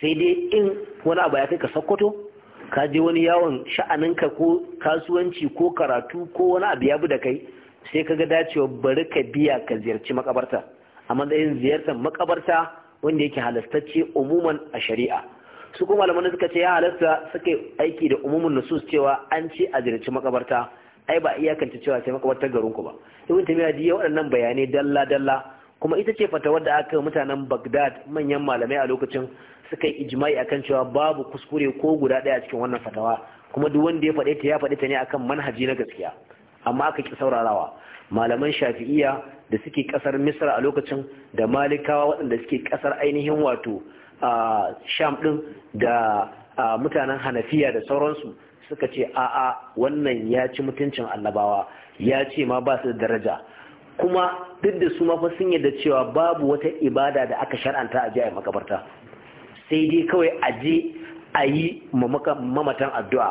S1: sai dai in wani abu ya kai ka sokoto ka je wani yawon sha'aninka ko kasuwanci ko karatu ko wani abu ya bi da kai sai ka ga dacewa bari ka biya ka ziyarci makabarta a matsayin ziyartar makabarta wanda yake halastacce umuman a shari'a su kuma malaman suka ce ya halasta suka aiki da umumin nusus cewa an ce a ziyarci makabarta ai ba iyakance cewa sai makabartar garinku ba ibn tamiya ji waɗannan bayanai dalla dalla kuma ita ce fatawar da aka mutanen Bagdad manyan malamai a lokacin suka yi ijma'i akan cewa babu kuskure ko guda ɗaya cikin wannan fatawa kuma duk wanda ya faɗe ta ya faɗe ta ne akan manhaji na gaskiya amma aka ki saurarawa malaman shafi'iya da suke kasar misra a lokacin da malikawa waɗanda suke kasar ainihin wato sham ɗin da mutanen hanafiya da sauransu suka ce a'a wannan ya ci mutuncin annabawa ya ce ma ba su da daraja kuma duk da su mafa sun yadda cewa babu wata ibada da aka shar'anta a jiya makabarta sai dai kawai a je a yi mamatan addu'a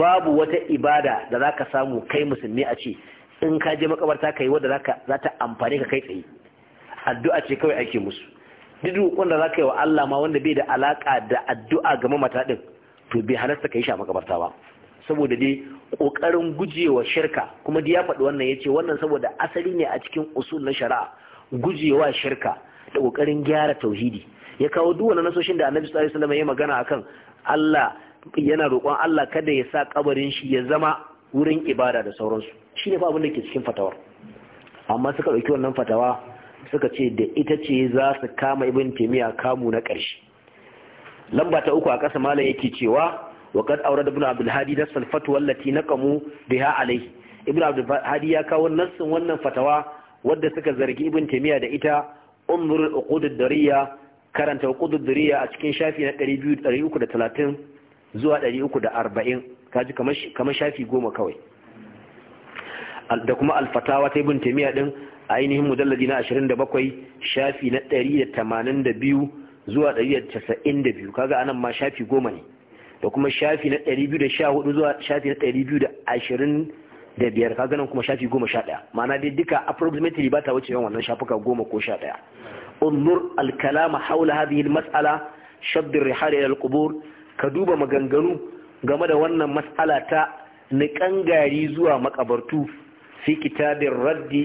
S1: babu wata ibada da za ka samu kai musulmi a ce in ka je makabarta ka yi wadda za ta amfani ka kai tsaye addu'a ce kawai ake musu duk wanda za ka yi wa Allah ma wanda bai da alaka da addu'a ga mamata din to bai halarta ka yi sha makabarta ba saboda dai ƙoƙarin gujewa shirka kuma dai ya faɗi wannan ya ce wannan saboda asali ne a cikin usul na shari'a gujewa shirka da ƙoƙarin gyara tauhidi ya kawo duk wani nasoshin da annabi sallallahu alaihi wasallam ya magana akan Allah yana roƙon Allah kada ya sa kabarin shi ya zama wurin ibada da sauransu ne fa abin da ke cikin fatawar amma suka dauki wannan fatawa suka ce da ita ce za su kama ibn taymiya kamu na ƙarshe lamba ta uku a ƙasa malam yake cewa وقد أورد ابن عبد الهادي نفس الفتوى التي نقموا بها عليه ابن عبد الهادي يا كاون نفس ونن فتوى ودى سكا زرقي ابن تيمية دائتا انظر العقود الدرية karanta hukudun duriya a cikin shafi na 330 zuwa 340 kaji kamar shafi goma kawai da kuma alfatawa ta ibn taimiyya din ainihin mujalladi na 27 shafi na 182 zuwa 192 kaga anan ma shafi goma ne da kuma shafi na 214 zuwa shafi na 225 ka ganin kuma shafi 11 ma'ana dai duka approximately ba ta wuce yawan wannan shafuka 10 ko 11 unzur al-kalama haula hadhihi al-mas'ala shadd ar-rihal ila al-qubur ka duba maganganu game da wannan mas'ala ta niƙangari zuwa makabartu fi kitabir raddi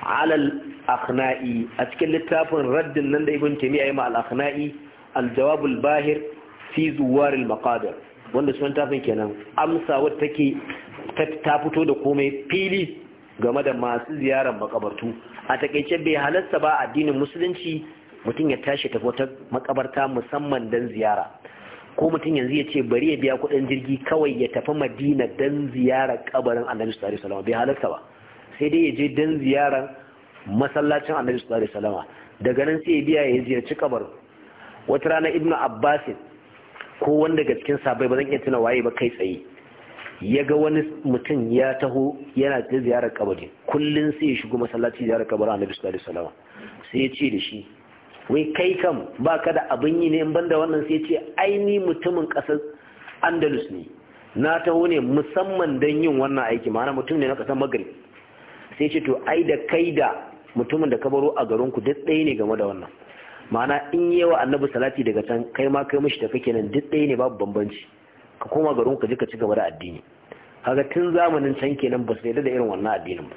S1: alal akhna'i a cikin littafin raddin nan da ibn taymiya yi ma al akhna'i al jawab al bahir fi zuwaril maqadir wanda sunan tafin kenan amsa wadda take ta fito da komai fili game da masu ziyarar makabartu a takaice bai halarta ba addinin musulunci mutum ya tashi tafi wata makabarta musamman don ziyara ko mutum yanzu ya ce bari ya biya kudin jirgi kawai ya tafi madina don ziyara kabarin annabi sallallahu alaihi wasallam bai halarta ba sai dai ya je don ziyarar masallacin annabi sallallahu alaihi wasallam daga nan sai ya biya ya ziyarci kabarin wata rana ibnu abbasin ko wanda daga cikin sabai ba zan iya tuna waye ba kai tsaye ya ga wani mutum ya taho yana ta ziyarar kabari kullum sai ya shigo masallaci ziyarar kabarin annabi sallallahu alaihi wasallam sai ya ce da shi wai kai kam ba ka da abin yi ne in banda wannan sai ya ce ai ni mutumin kasar andalus ne na taho ne musamman don yin wannan aiki ma'ana mutum ne na kasar magrib sai ce to ai da kai da mutumin da ka a garin duk ɗaya ne game da wannan ma'ana in yi wa annabi salati daga can kai ma kai mishi tafi kenan duk ɗaya ne babu bambanci ka koma garin ka jika ka ci gaba da addini kaga tun zamanin can kenan ba su yarda da irin wannan addinin ba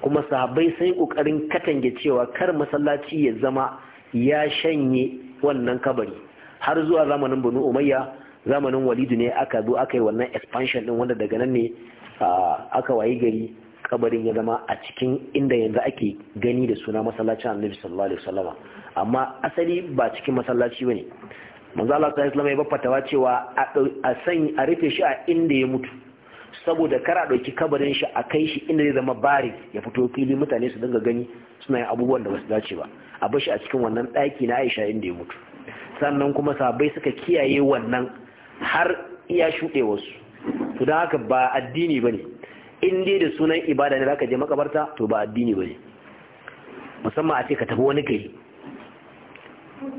S1: kuma sahabbai sun yi kokarin katange cewa kar masallaci ya zama ya shanye wannan kabari har zuwa zamanin banu umayya zamanin walidu ne aka zo aka yi wannan expansion din wanda daga nan ne aka wayi gari kabarin ya zama a cikin inda yanzu ake gani da suna masallacin annabi sallallahu alaihi wasallama amma asali ba cikin masallaci ba ne. manzo Allah sallallahu alaihi wasallam ya fatawa cewa a san a rufe shi a inda ya mutu saboda kar a dauki kabarin shi a kai shi inda zai zama bari ya fito fili mutane su dinga gani suna yin abubuwan da ba su dace ba a bar shi a cikin wannan daki na Aisha inda ya mutu sannan kuma sahabbai suka kiyaye wannan har iya shuɗe wasu to dan haka ba addini bane in dai da sunan ibada ne zaka je makabarta to ba addini bane musamman a ce ka tafi wani gari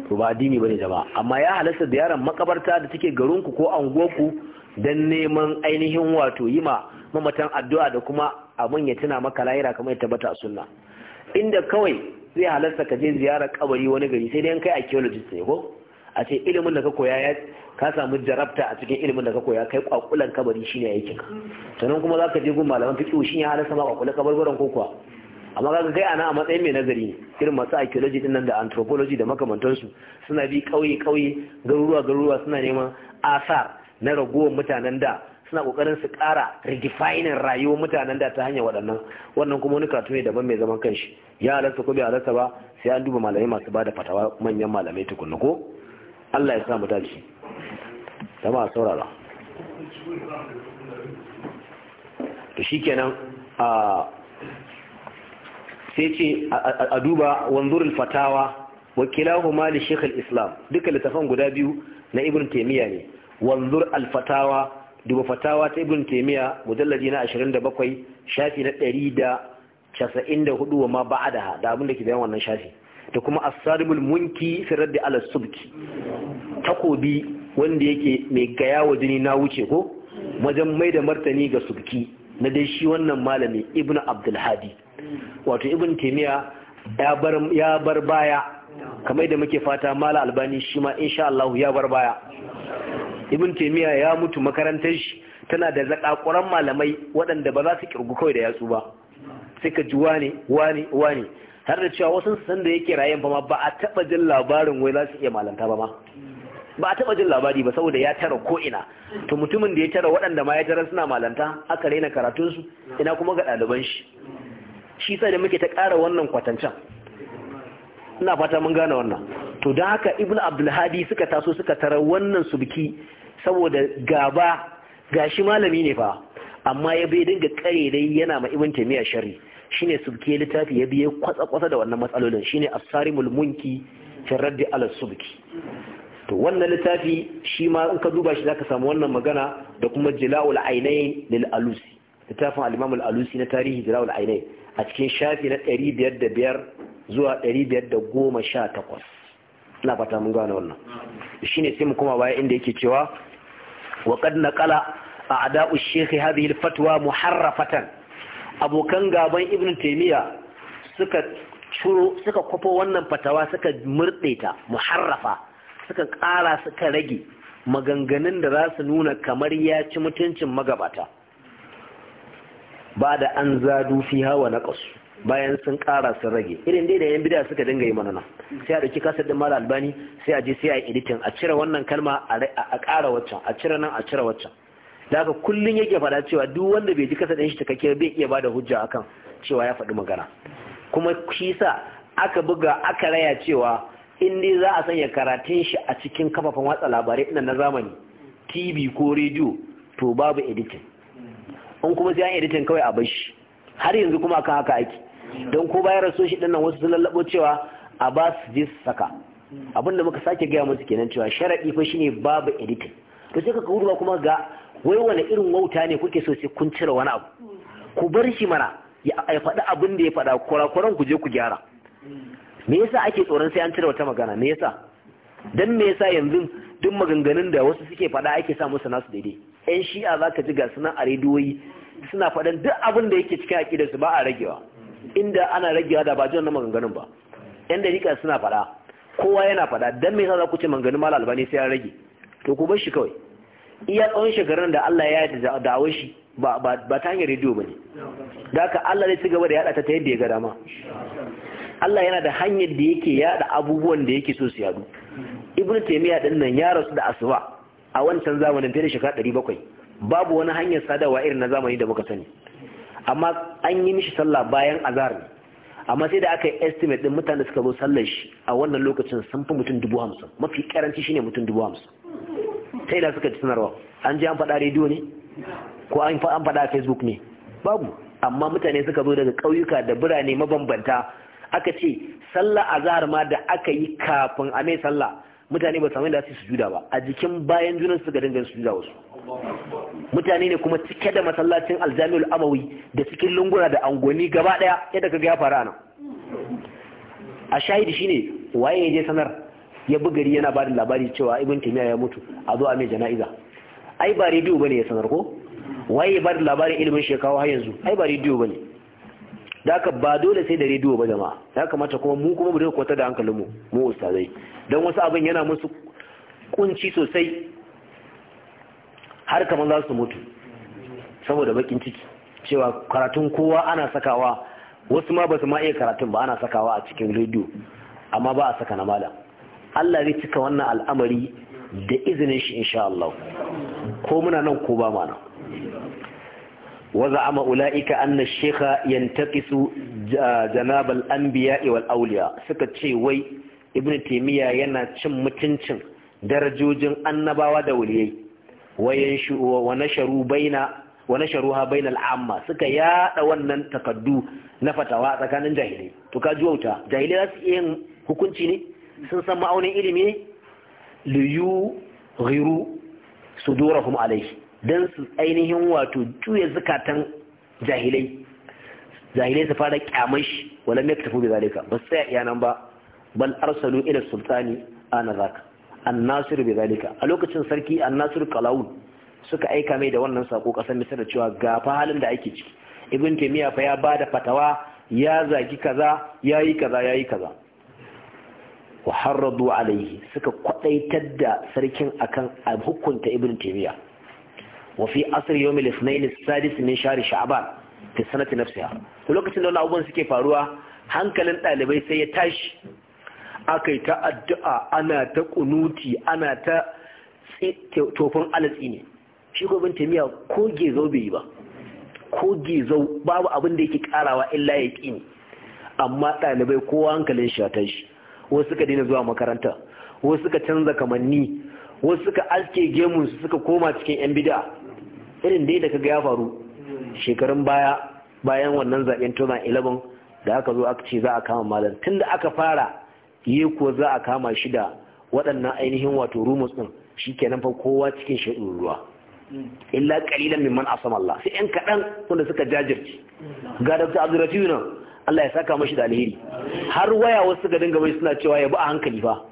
S1: to ba addini bane ba amma ya halasta ziyarar makabarta da take garinku ko anguwarku dan neman ainihin wato ma mamatan addu'a da kuma abin ya tuna maka lahira kamar ya tabbata a sunna inda kawai zai halasta ka je ziyarar kabari wani gari sai dai kai archaeologist ne ko a ce ilimin da ka koya ya ka samu jarabta a cikin ilimin da ka koya kai kwakulan kabari shine aikin ka sannan kuma zaka je gun malaman fiqh shin ya halasta ma kwakulan kabarbaran ko kuwa amma ga kai ana a matsayin mai nazari irin masu archaeology din nan da anthropology da makamantansu suna bi kauye kauye garuruwa garuruwa suna neman asar na ragowar mutanen da suna kokarin su kara redefining rayuwar mutanen da ta hanyar waɗannan wannan kuma wani karatu ne daban mai zaman kanshi ya halarta ko bai halarta ba sai an duba malamai masu bada fatawa manyan malamai tukunna ko Allah ya sa mu dace a saurara to shikenan a ah, sai ce a duba wanzurul fatawa wa kilahuma li shaykh islam duka littafan guda biyu na ibn taymiya ne wanzur al-fatawa duba fatawa ta ibn taymiya mujalladi na 27 shafi na 194 wa ma ba'daha da abin da ke bayan wannan shafi da kuma as-salimul munki fi raddi ala subki takobi wanda yake mai gaya wa jini na wuce ko wajen mai da martani ga subki na dai shi wannan malami ibn Abdulhadi. wato ibn taymiya ya bar baya kamar da muke fata mala albani shi ma insha Allah ya bar baya ibn taymiya ya mutu makarantar shi tana da zakakuran malamai waɗanda ba za su kirgu kawai da yatsu ba suka ji wane wani wani har da cewa wasu san da yake rayan ba ma ba a taba jin labarin wai za su iya malanta ba ma ba a taba jin labari ba saboda ya tara ko ina to mutumin da ya tara waɗanda ma ya tara suna malanta aka raina karatun su ina kuma ga ɗaliban shi shi sai da muke ta ƙara wannan kwatancan ina fata mun gane wannan to don haka ibn abdulhadi suka taso suka tara wannan subki saboda gaba gashi malami ne fa amma ya bai dinga kare dai yana ma ibn taymiya shari shine subki littafi ya biye kwatsa kwatsa da wannan matsalolin shine asarimul munki fi raddi ala subki to wannan littafi shi ma in ka duba shi zaka samu wannan magana da kuma jila'ul ainain lil alusi littafin al-imam al-alusi na tarihi jila'ul ainain a cikin shafi na 505 zuwa 518 ina fata mun gane wannan shine sai mu koma baya inda yake cewa wa qad a a'da'u shaykh hadhihi fatwa muharrafatan abokan gaban ibn taymiya suka ciro suka kwafo wannan fatawa suka murɗe ta muharrafa suka ƙara suka rage maganganun da za su nuna kamar ya ci mutuncin magabata ba da an zadu fi hawa na kasu bayan sun kara sun rage irin dai da yan bid'a suka dinga yi mana sai a dauki kasar din mara albani sai a je sai a yi editing a cire wannan kalma a kara waccan a cire nan a cire waccan da haka kullum yake fada cewa duk wanda bai ji kasar din shi cikakke bai iya bada hujja akan cewa ya faɗi magana kuma shi sa aka buga aka raya cewa in dai za a sanya karatun shi a cikin kafafen watsa labarai na zamani tv ko rediyo to babu editin. in kuma sai an editin kawai a bar shi. har yanzu kuma kan haka ake don ko bayan rasu shi dinnan wasu sun lallabo cewa a ba su je su saka abin da muka sake gaya musu kenan cewa sharaɗi fa shine babu editing to sai ka kawo kuma ga wai wani irin wauta ne kuke so sai kun cire wani abu ku bar shi mana ya faɗi abin da ya faɗa kurakuran ku je ku gyara me yasa ake tsoron sai an cire wata magana me yasa dan me yasa yanzu duk maganganun da wasu suke faɗa ake sa musu nasu daidai yan shi'a za ka ji ga a rediyoyi suna faɗin duk abin da yake cikin aƙidar su ba a ragewa inda ana ragewa da ba na maganganun ba yan dariƙa suna faɗa kowa yana faɗa don mai yasa za ku ce maganganun mala albani sai ya rage to ku bar shi kawai iya tsawon shekarun da Allah ya yi awon shi ba ta hanyar rediyo ba ne da aka Allah zai ci gaba da yada ta yadda ya ga dama Allah yana da hanyar da yake yada abubuwan da yake so su yadu ibnu taymiya din nan ya rasu da asuba a wancan zamanin fiye da shekara 700 babu wani hanyar sadawa irin na zamani da muka sani amma an yi mishi sallah bayan azhar ne amma sai da aka yi estimate din mutane suka zo sallar shi a wannan lokacin sun fi mutum dubu hamsin mafi karanci shine mutum dubu hamsin ta ila suka ci sanarwa an ji an faɗa rediyo ne ko an faɗa a facebook ne babu amma mutane suka zo daga ƙauyuka da birane mabambanta aka ce sallah azhar ma da aka yi kafin a mai sallah mutane ba samu su juda ba a jikin bayan junan suka dinga juda wasu mutane ne kuma cike da masallacin aljami'ul amawi da cikin lunguna da angoni gaba daya yadda kaga ya faru nan. a shahidi shine waye ya je sanar ya bi gari yana bada labari cewa ibn timiya ya mutu a zo a mai jana'iza ai ba rediyo bane ya sanar ko waye ba da labarin ilimin shekawa har yanzu ai ba rediyo bane da haka ba dole sai da rediyo ba jama'a ya kamata kuma mu kuma mu dinga kwata da hankalin mu mu ustazai don wasu abin yana musu kunci sosai har kamar za su mutu saboda bakin ciki cewa karatun kowa ana sakawa wasu ma ba su ma iya karatun ba ana sakawa a cikin rediyo amma ba a saka na malam Allah zai cika wannan al'amari da izinin shi insha Allah ko muna nan ko ba mana وزعم أولئك أن الشيخ ينتقص جناب suka ce wai وي ابن yana cin mutuncin darajojin Annabawa da ودوليي wa nasharu baina wa baina suka yada wannan takaddu na fatawa tsakanin jahilai to ka ji wauta jahilai za su iya yin hukunci ne sun san ma'aunin ilimi liyu ghiru sudurahum alayhi dan su ainihin wato juya zakatan jahilai jahilai su fara kyaman shi wala mai tafi bi zalika ba sai ya nan ba bal arsalu ila sultani ana zaka annasir bi zalika a lokacin sarki annasir kalawun suka aika mai da wannan sako kasar misar da cewa ga fa halin da ake ciki ibn taymiya fa ya bada fatawa ya zagi kaza yayi kaza yayi kaza wa harradu alaihi suka kwadaitar da sarkin akan hukunta ibn taymiya wa fi asr yawm al-ithnain as-sadis min shahr sha'ban fi sanati nafsiha lokacin da wannan abubuwan suke faruwa hankalin ɗalibai sai ya tashi aka yi ta addu'a ana ta kunuti ana ta tofin alatsi ne shi ko bin taimiyya ko bai yi ba ko gezo babu abin da yake karawa illa ya ƙi amma ɗalibai kowa hankalin shatan shi wasu suka daina zuwa makaranta wasu ka canza kamanni wasu ka aske gemun su suka koma cikin yan bida irin dai da kaga ya faru shekarun baya bayan wannan zaben 2011 da aka zo aka ce za a kama malam da aka fara yi ko za a kama shi da waɗannan ainihin wato rumus ɗin shi kenan fa kowa cikin shaɗin ruwa illa kalilan mimman asama Allah sai yan kaɗan wanda suka jajirce ga Dr. Abdurrafiu nan Allah ya saka mashi da alheri har waya wasu suka dinga bai suna cewa ya bi a hankali fa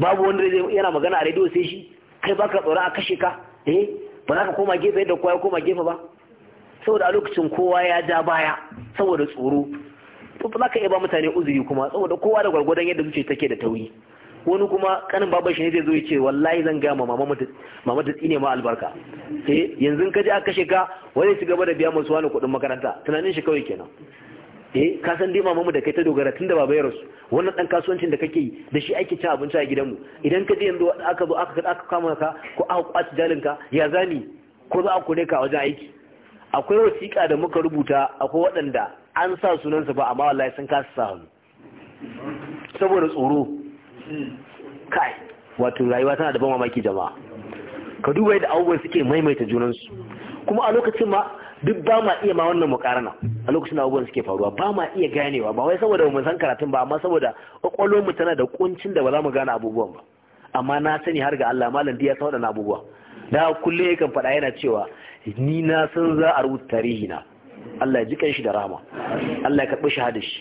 S1: babu wanda zai yana magana a rediyo sai shi kai baka tsoron a kashe ka eh ba za ka koma gefe da kowa ya koma gefe ba saboda a lokacin kowa ya ja baya saboda tsoro to za ka iya ba mutane uzuri kuma saboda kowa da gwargwadon yadda zuciya take da tauri wani kuma kanin baban shi ne zai zo ya ce wallahi zan gaya ma mama ta tsine ma albarka eh yanzu ka ji aka shiga wani su gaba da biya masu wani kuɗin makaranta tunanin shi kawai kenan eh ka san dai mamamu da kai ta dogara tunda baba ya rasu wannan dan kasuwancin da kake yi da shi ake ci abinci a gidanmu idan ka je yanzu aka zo aka aka kama ka ko aka kwaci jalinka ya zani ko za a kore ka wajen aiki akwai wasiƙa da muka rubuta akwai waɗanda an sa sunansa ba amma wallahi sun kasa sa hannu saboda tsoro kai wato rayuwa tana da ban mamaki jama'a ka duba yadda abubuwan suke maimaita junansu kuma a lokacin ma duk ba ma iya ma wannan mukarana a lokacin abubuwan suke faruwa ba ma iya ganewa ba wai saboda mu san karatun ba amma saboda kwakwalwar mu tana da kuncin da ba za mu gane abubuwan ba amma na sani har ga Allah malam ya san wadannan abubuwa da kullum yakan faɗa yana cewa ni na san za a rubuta tarihi na Allah ya ji kan shi da rahama Allah ya karɓi shahadar shi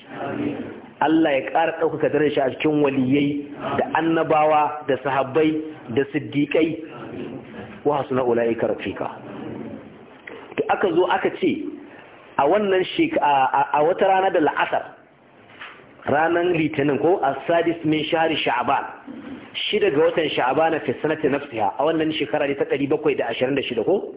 S1: Allah ya ƙara ɗaukaka daren shi a cikin waliyai da annabawa da sahabbai da siddiƙai wa hasuna ulaika rafiqa to aka zo aka ce a wannan a wata rana da la'asar ranar litinin ko a sadis min shahri sha'ban shida ga watan sha'ban fi sanati nafsiha a wannan shekara ta 726 ko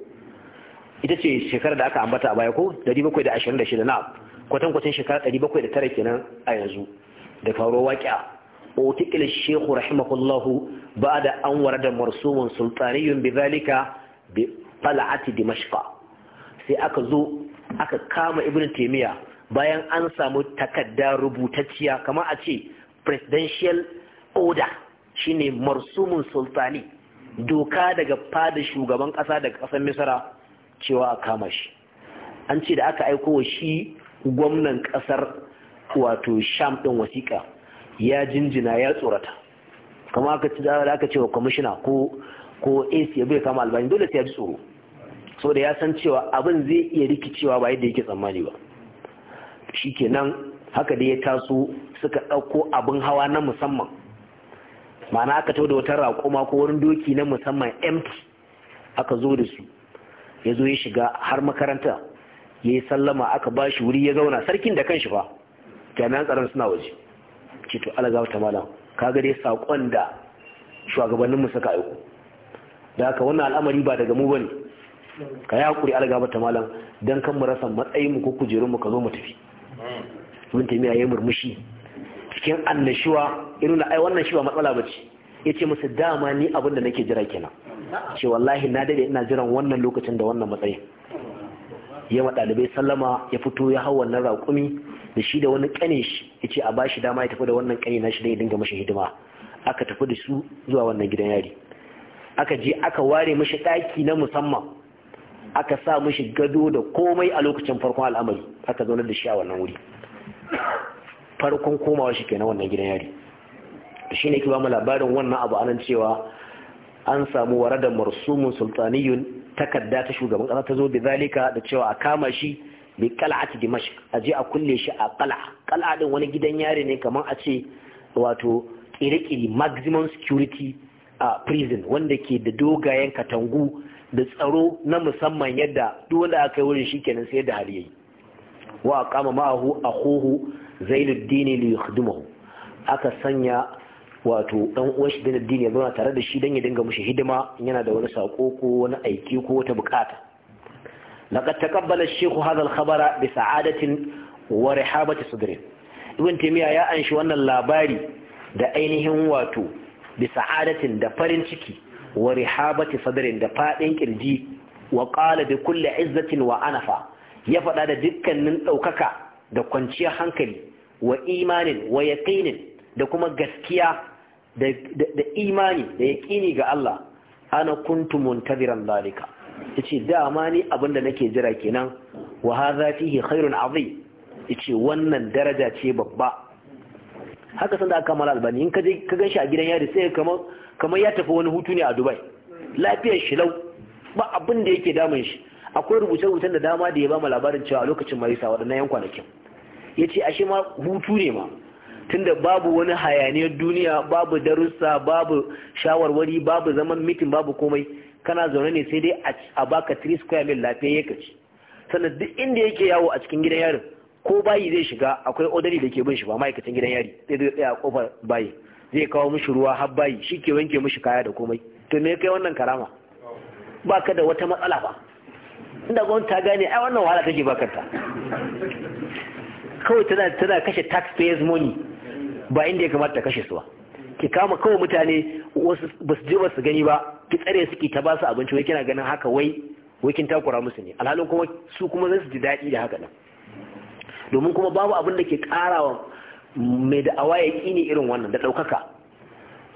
S1: ita ce shekarar da aka ambata a baya ko 726 na kwatankwacin shekarar 709 kenan a yanzu da faro waƙiya otikil shekhu rahimahullahu ba da an da marsumin sultaniyun bi zalika bi fal'ati dimashqa sai aka zo aka kama ibn taimiya bayan an samu takarda rubutacciya kamar a ce presidential order shine marsumin sultani doka daga fada shugaban kasa daga kasar misra cewa a kama shi an ce da aka aiko wa shi gwamnan kasar wato sham ɗin wasiƙa ya jinjina ya tsorata kama aka ci da aka cewa kwamishina ko ac ya bai kama albani dole sai ya ji tsoro da ya san cewa abin zai iya rikicewa ba yadda yake tsammani ba shikenan haka da ya taso suka ɗauko abin hawa na musamman ma'ana aka tau da wata raƙuma ko wani doki na musamman empty aka zo da su ya zo ya shiga har makaranta ya yi sallama aka ba shi wuri ya zauna sarkin da kanshi ba jami'an tsaron suna waje ceto to ala mala ka ga saƙon da shugabanninmu suka aiko da haka wannan al'amari ba daga mu bane ka yi haƙuri ala gawa mala don kan mu rasa matsayinmu ko kujerunmu ka zo mu tafi mun tafi ya yi murmushi cikin annashuwa irin ai wannan shi ba matsala ba ce ya ce musu dama ni abin da nake jira kenan ce wallahi na dade ina jiran wannan lokacin da wannan matsayin yawa ɗalibai sallama ya fito ya hau wannan raƙumi da shi da wani ƙane shi ya ce a ba shi dama ya tafi da wannan ƙane na shi da ya dinga mashi hidima aka tafi da su zuwa wannan gidan yari aka je aka ware mashi ɗaki na musamman aka sa mashi gado da komai a lokacin farkon al'amari aka zaunar da shi a wannan wuri farkon komawa shi kenan wannan gidan yari shi ne ke ba mu labarin wannan abu anan cewa an samu da marsumin sultaniyun takarda ta shugaban kasa ta zo da zalika da cewa a kama shi bi qal'ati dimashq a je a kulle shi a kal'a kal'a din wani gidan yari ne kamar a ce wato kire-kire maximum security a prison wanda ke da dogayen katangu da tsaro na musamman yadda duk wanda aka yi wurin shikenan sai da hariyayi wa kama ma'ahu akhuhu zainuddin li yakhdimuhu aka sanya wato dan uwan shi din addini ya zauna tare da shi dan ya dinga mushi hidima yana da wani sako ko wani aiki ko wata bukata laqad taqabbala ash-shaykh hadha al-khabara bi sa'adatin wa rihabati sadrin ibn taymiya ya anshi wannan labari da ainihin wato bi sa'adatin da farin ciki wa rihabati sadrin da fadin kirji wa qala bi kulli izzatin wa anafa ya faɗa da dukkanin ɗaukaka da kwanciyar hankali wa imanin wa yaqinin da kuma gaskiya da imani da yaƙini ga Allah ana kuntu muntaziran zalika yace dama ni abinda nake jira kenan wa hadha fihi khairun azim yace wannan daraja ce babba haka sanda aka mala albani in ka je ka ganshi a gidan yari sai kamar ya tafi wani hutu ne a Dubai lafiyar shi lau ba abin da yake damun shi akwai rubuce-rubucen da dama da ya ba mu labarin cewa a lokacin marisa waɗannan yan kwanakin ya ce ashe ma hutu ne ma tunda babu wani hayaniyar duniya babu darussa babu shawarwari babu zaman mitin babu komai kana zaune ne sai dai a baka 3 square mil lafiya ya kaci sannan duk inda yake yawo a cikin gidan yarin ko bayi zai shiga akwai odari da ke bin shi ba ma'aikacin gidan yari sai zai tsaya a kofar bayi zai kawo mishi ruwa har bayi shi ke wanke mishi kaya da komai to me kai wannan karama ba ka da wata matsala ba inda gwamnati ta gane ai wannan wahala take bakarta. kawai tana tana kashe taxpayers money ba inda ya kamata ta kashe su ba ki kama kawai mutane wasu ba su je ba su gani ba ki tsare su ki ta ba su abinci wai kina ganin haka wai wai kin takura musu ne alhalin kuma su kuma zai su ji daɗi da haka nan domin kuma babu abin da ke karawa mai awa ya ne irin wannan da ɗaukaka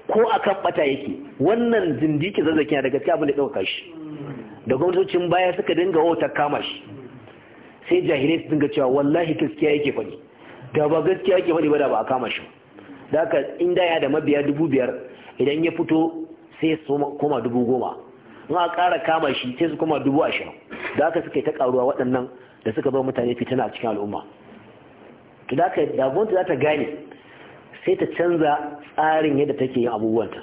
S1: ko a kan bata yake wannan zindiki zazzaki na da gaskiya abin da ɗaukaka shi da gwamnatocin baya suka dinga wautar kama shi sai jahilai su dinga cewa wallahi gaskiya yake faɗi da ba gaskiya yake faɗi ba da ba a kama shi ba da aka da ya da mabiya dubu biyar idan ya fito sai su koma dubu goma in a ƙara kama shi sai su koma dubu ashirin da aka suka yi ta ƙaruwa waɗannan da suka bar mutane fitina a cikin al'umma to da aka da gwamnati za ta gane sai ta canza tsarin yadda take yin abubuwanta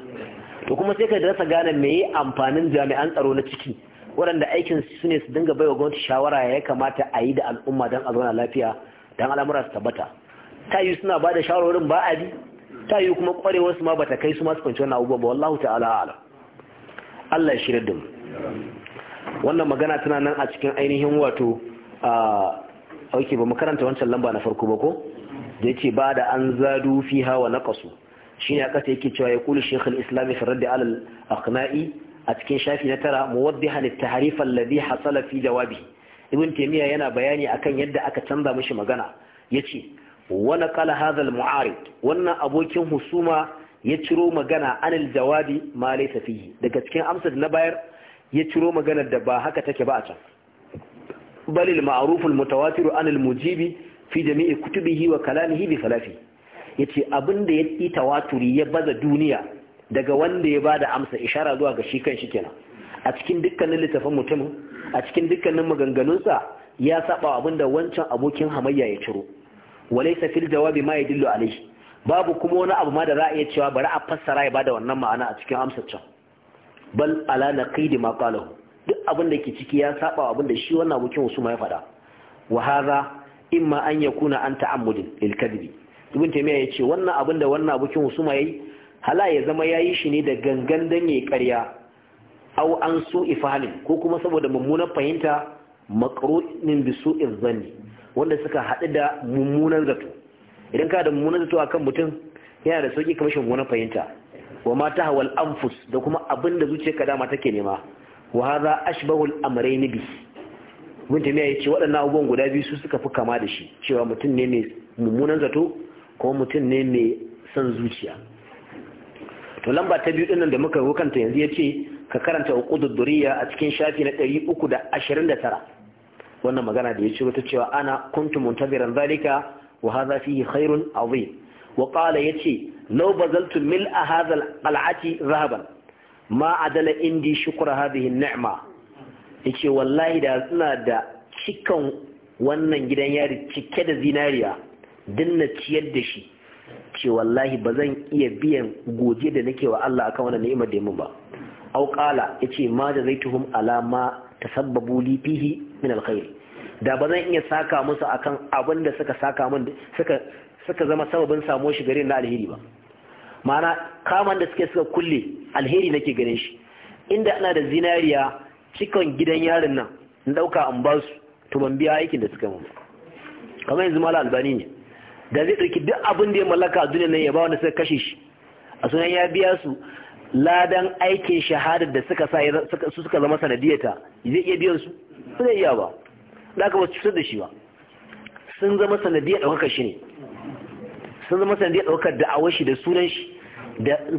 S1: to kuma sai ka rasa gane me yi amfanin jami'an tsaro na ciki waɗanda aikin su ne su dinga baiwa gwamnati shawara ya kamata a yi da al'umma don a zauna lafiya don al'amura su tabbata ta yi suna ba da shawarwarin ba a bi ta yi kuma kwarewar su ma bata kai su masu kwanci wannan abubuwa ba wallahu ta'ala ala Allah ya shirya da mu wannan magana tana nan a cikin ainihin wato a auki ba mu karanta wancan lamba na farko ba ko da ce ba da an zadu fi hawa Shi shine a kasa yake cewa ya kuli shaykh islami islam fi alal ala a cikin shafi na tara muwaddihan ta tahrif ladi hasala fi jawabi ibn taymiya yana bayani akan yadda aka canza mishi magana yace wani kala hazal mu'arid wannan abokin husuma ya ciro magana anil jawabi ma laysa fihi daga cikin amsar na bayar ya ciro magana da ba haka take ba a can bal al ma'ruf al mutawatir anil mujibi fi jami'i kutubihi wa kalamihi bi salafi yace abinda ya yi tawaturi ya baza duniya daga wanda ya bada amsa ishara zuwa ga shi kenan a cikin dukkanin littafin mutumin a cikin dukkanin maganganunsa ya saba abinda wancan abokin hamayya ya ciro وليس في jawabi ما يدل عليه babu kuma wani abu ma da za a iya cewa bari a fassara ya bada wannan ma'ana a cikin amsar can bal ala naqidi ma qalahu duk abin da ke ciki ya saba abin da shi wannan abokin wasu ma ya faɗa wa hadha imma an yakuna an ta'ammudin lil kadhibi ibn taymiya yace wannan abin da wannan abokin wasu ma yayi hala ya zama yayi shi ne da gangan dan yayi ƙarya aw an su'i fahmin ko kuma saboda mummunan fahimta maqru'in bi su'i zanni wanda suka haɗu da mummunan zato idan ka da mummunan zato akan mutum yana da sauƙi kamar shin fahimta wa mata ta hawal anfus da kuma abin da kadama dama take nema wa haza ashbahul amrayn bi mun ta ya ce waɗannan abubuwan guda biyu su suka fi kama da shi cewa mutum ne mai mummunan zato ko mutum ne mai son zuciya to lamba ta biyu dinnan da muka rokanta yanzu ya ce ka karanta uqudud duriya a cikin shafi na 329 wannan magana da ya ciro ta cewa ana kuntu muntaziran zalika wa hadha fihi khairun azim wa qala yace law bazaltu mil hadha al'ati zahaban ma adala indi shukra hadhihi ni'ma yace wallahi da ina da cikan wannan gidan yari cike da zinariya dinna ciyar da shi ce wallahi ba zan iya biyan goje da nake wa Allah akan wannan ni'imar da mun ba au qala yace ma da zaituhum ala ma tasabbabu li fihi min alkhair da ba zan iya saka musu akan abin suka saka min suka suka zama sababin samo shi gare na alheri ba ma'ana kaman da suke suka kulle alheri nake ganin shi inda ana da zinariya cikon gidan yarin nan in dauka an ba su to ban biya aikin da suka mun kamar yanzu mala albani ne da zai dauki duk abin da ya mallaka a duniya nan ya ba wanda suka kashe shi a sunan ya biya su ladan aikin shahadar da suka sa su suka zama sanadiyata zai iya biyan su ba zai iya ba da aka ba cutar da shi ba sun zama sanadiyar ɗaukakar shi ne sun zama sanadiyar ɗaukar da'awar shi da sunan shi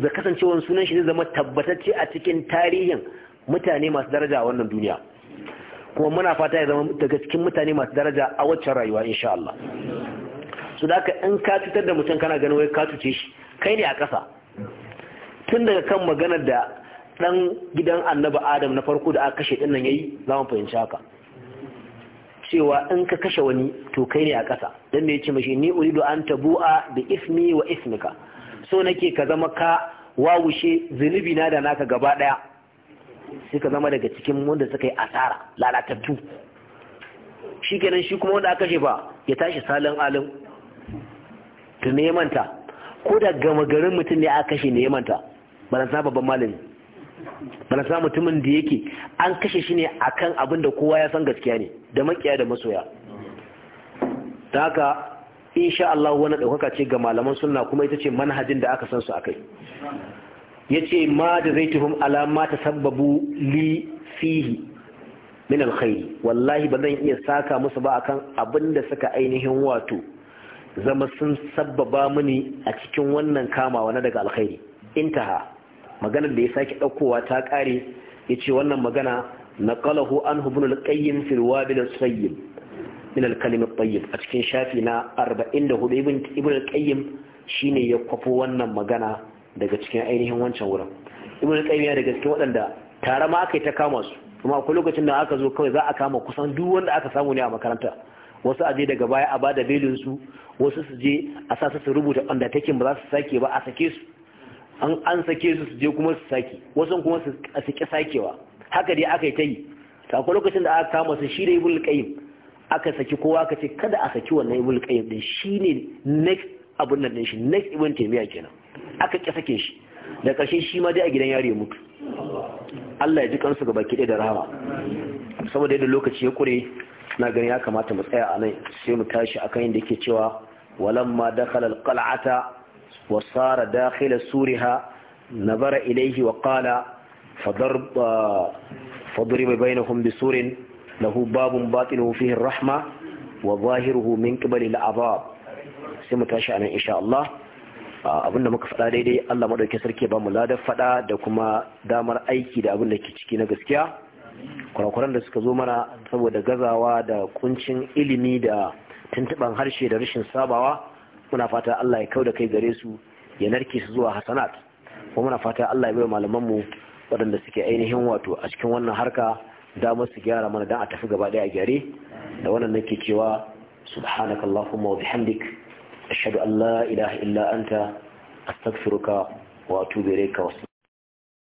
S1: da kasancewar sunan shi zai zama tabbatacce a cikin tarihin mutane masu daraja a wannan duniya kuma muna fata ya zama daga cikin mutane masu daraja a waccan rayuwa insha Allah su da in ka cutar da mutum kana ganin wai ka cuce shi kai ne a ƙasa tun daga kan maganar da ɗan gidan annabi adam na farko da aka kashe ɗinnan ya yi za mu fahimci haka cewa in ka kashe wani to kai ne a ƙasa don me ya ce mashi ni uridu an tabu'a da ismi wa ismika so nake ka zama ka wawushe zunubi na da naka gaba ɗaya sai ka zama daga cikin wanda suka yi asara lalatattu shi kenan shi kuma wanda aka kashe ba ya tashi salin alin to ne manta ko da gama garin mutum ne aka kashe ne manta sa babban malami sa mutumin da yake an kashe shi ne akan abin da kowa ya san gaskiya ne da makiya da masoya ta haka insha Allah wani ɗaukaka ce ga malaman sunna kuma ita ce manhajin da aka san su akai yace ma da zai tuhum alama ta sababu li fihi min alkhairi wallahi ba zan iya saka musu ba akan abin da suka ainihin wato zama sun sababa mini a cikin wannan kamawa na daga alkhairi intaha maganar da ya sake ɗaukowa ta ƙare ya ce wannan magana na ƙalahu an hubunul ƙayyin firwa bilan tsayin min alkalimin a cikin shafi na 44 ibn al shi ne ya kwafo wannan magana daga cikin ainihin wancan wurin ibn al ya daga cikin waɗanda tare ma aka yi ta kama su kuma akwai lokacin da aka zo kawai za a kama kusan duk wanda aka samu ne a makaranta wasu a je daga baya a bada belin su wasu su je a sa su rubuta undertaking ba za su sake ba a sake su an an sake su su je kuma su sake wasan kuma su sake sakewa haka dai aka yi ta yi sako lokacin da aka kama su shi da ibul qayyim aka saki kowa aka ce kada a saki wannan ibul qayyim din ne next abun nan din shi next ibn taymiya kenan aka ki sake shi da karshe shi ma dai a gidan yari ya mutu Allah ya ji kansu gaba kiɗe da rahama saboda yadda lokaci ya kure na gani ya kamata mu tsaya a nan sai mu tashi akan yadda yake cewa walamma dakhala alqal'ata وصار داخل سورها نظر إليه وقال فضرب فضرب بينهم بسور له باب باطنه فيه الرحمة وظاهره من قبل العذاب سمى تاشعنا إن شاء الله da muka faɗa daidai Allah madaukakin sarki ba mu ladar faɗa da kuma damar aiki da abin da ke ciki na gaskiya kurakuran da suka zo mana saboda gazawa da kuncin ilimi da tuntuban harshe da rashin sabawa muna fata Allah ya kau da kai gare su ya narke su zuwa hasanat kuma muna fata Allah ya bai malaman mu waɗanda suke ainihin wato a cikin wannan harka damar su gyara mana dan a tafi gaba daya gyare da wannan nake cewa subhanakallahumma wa bihamdik ashhadu an la ilaha illa anta astaghfiruka wa atubu ilayka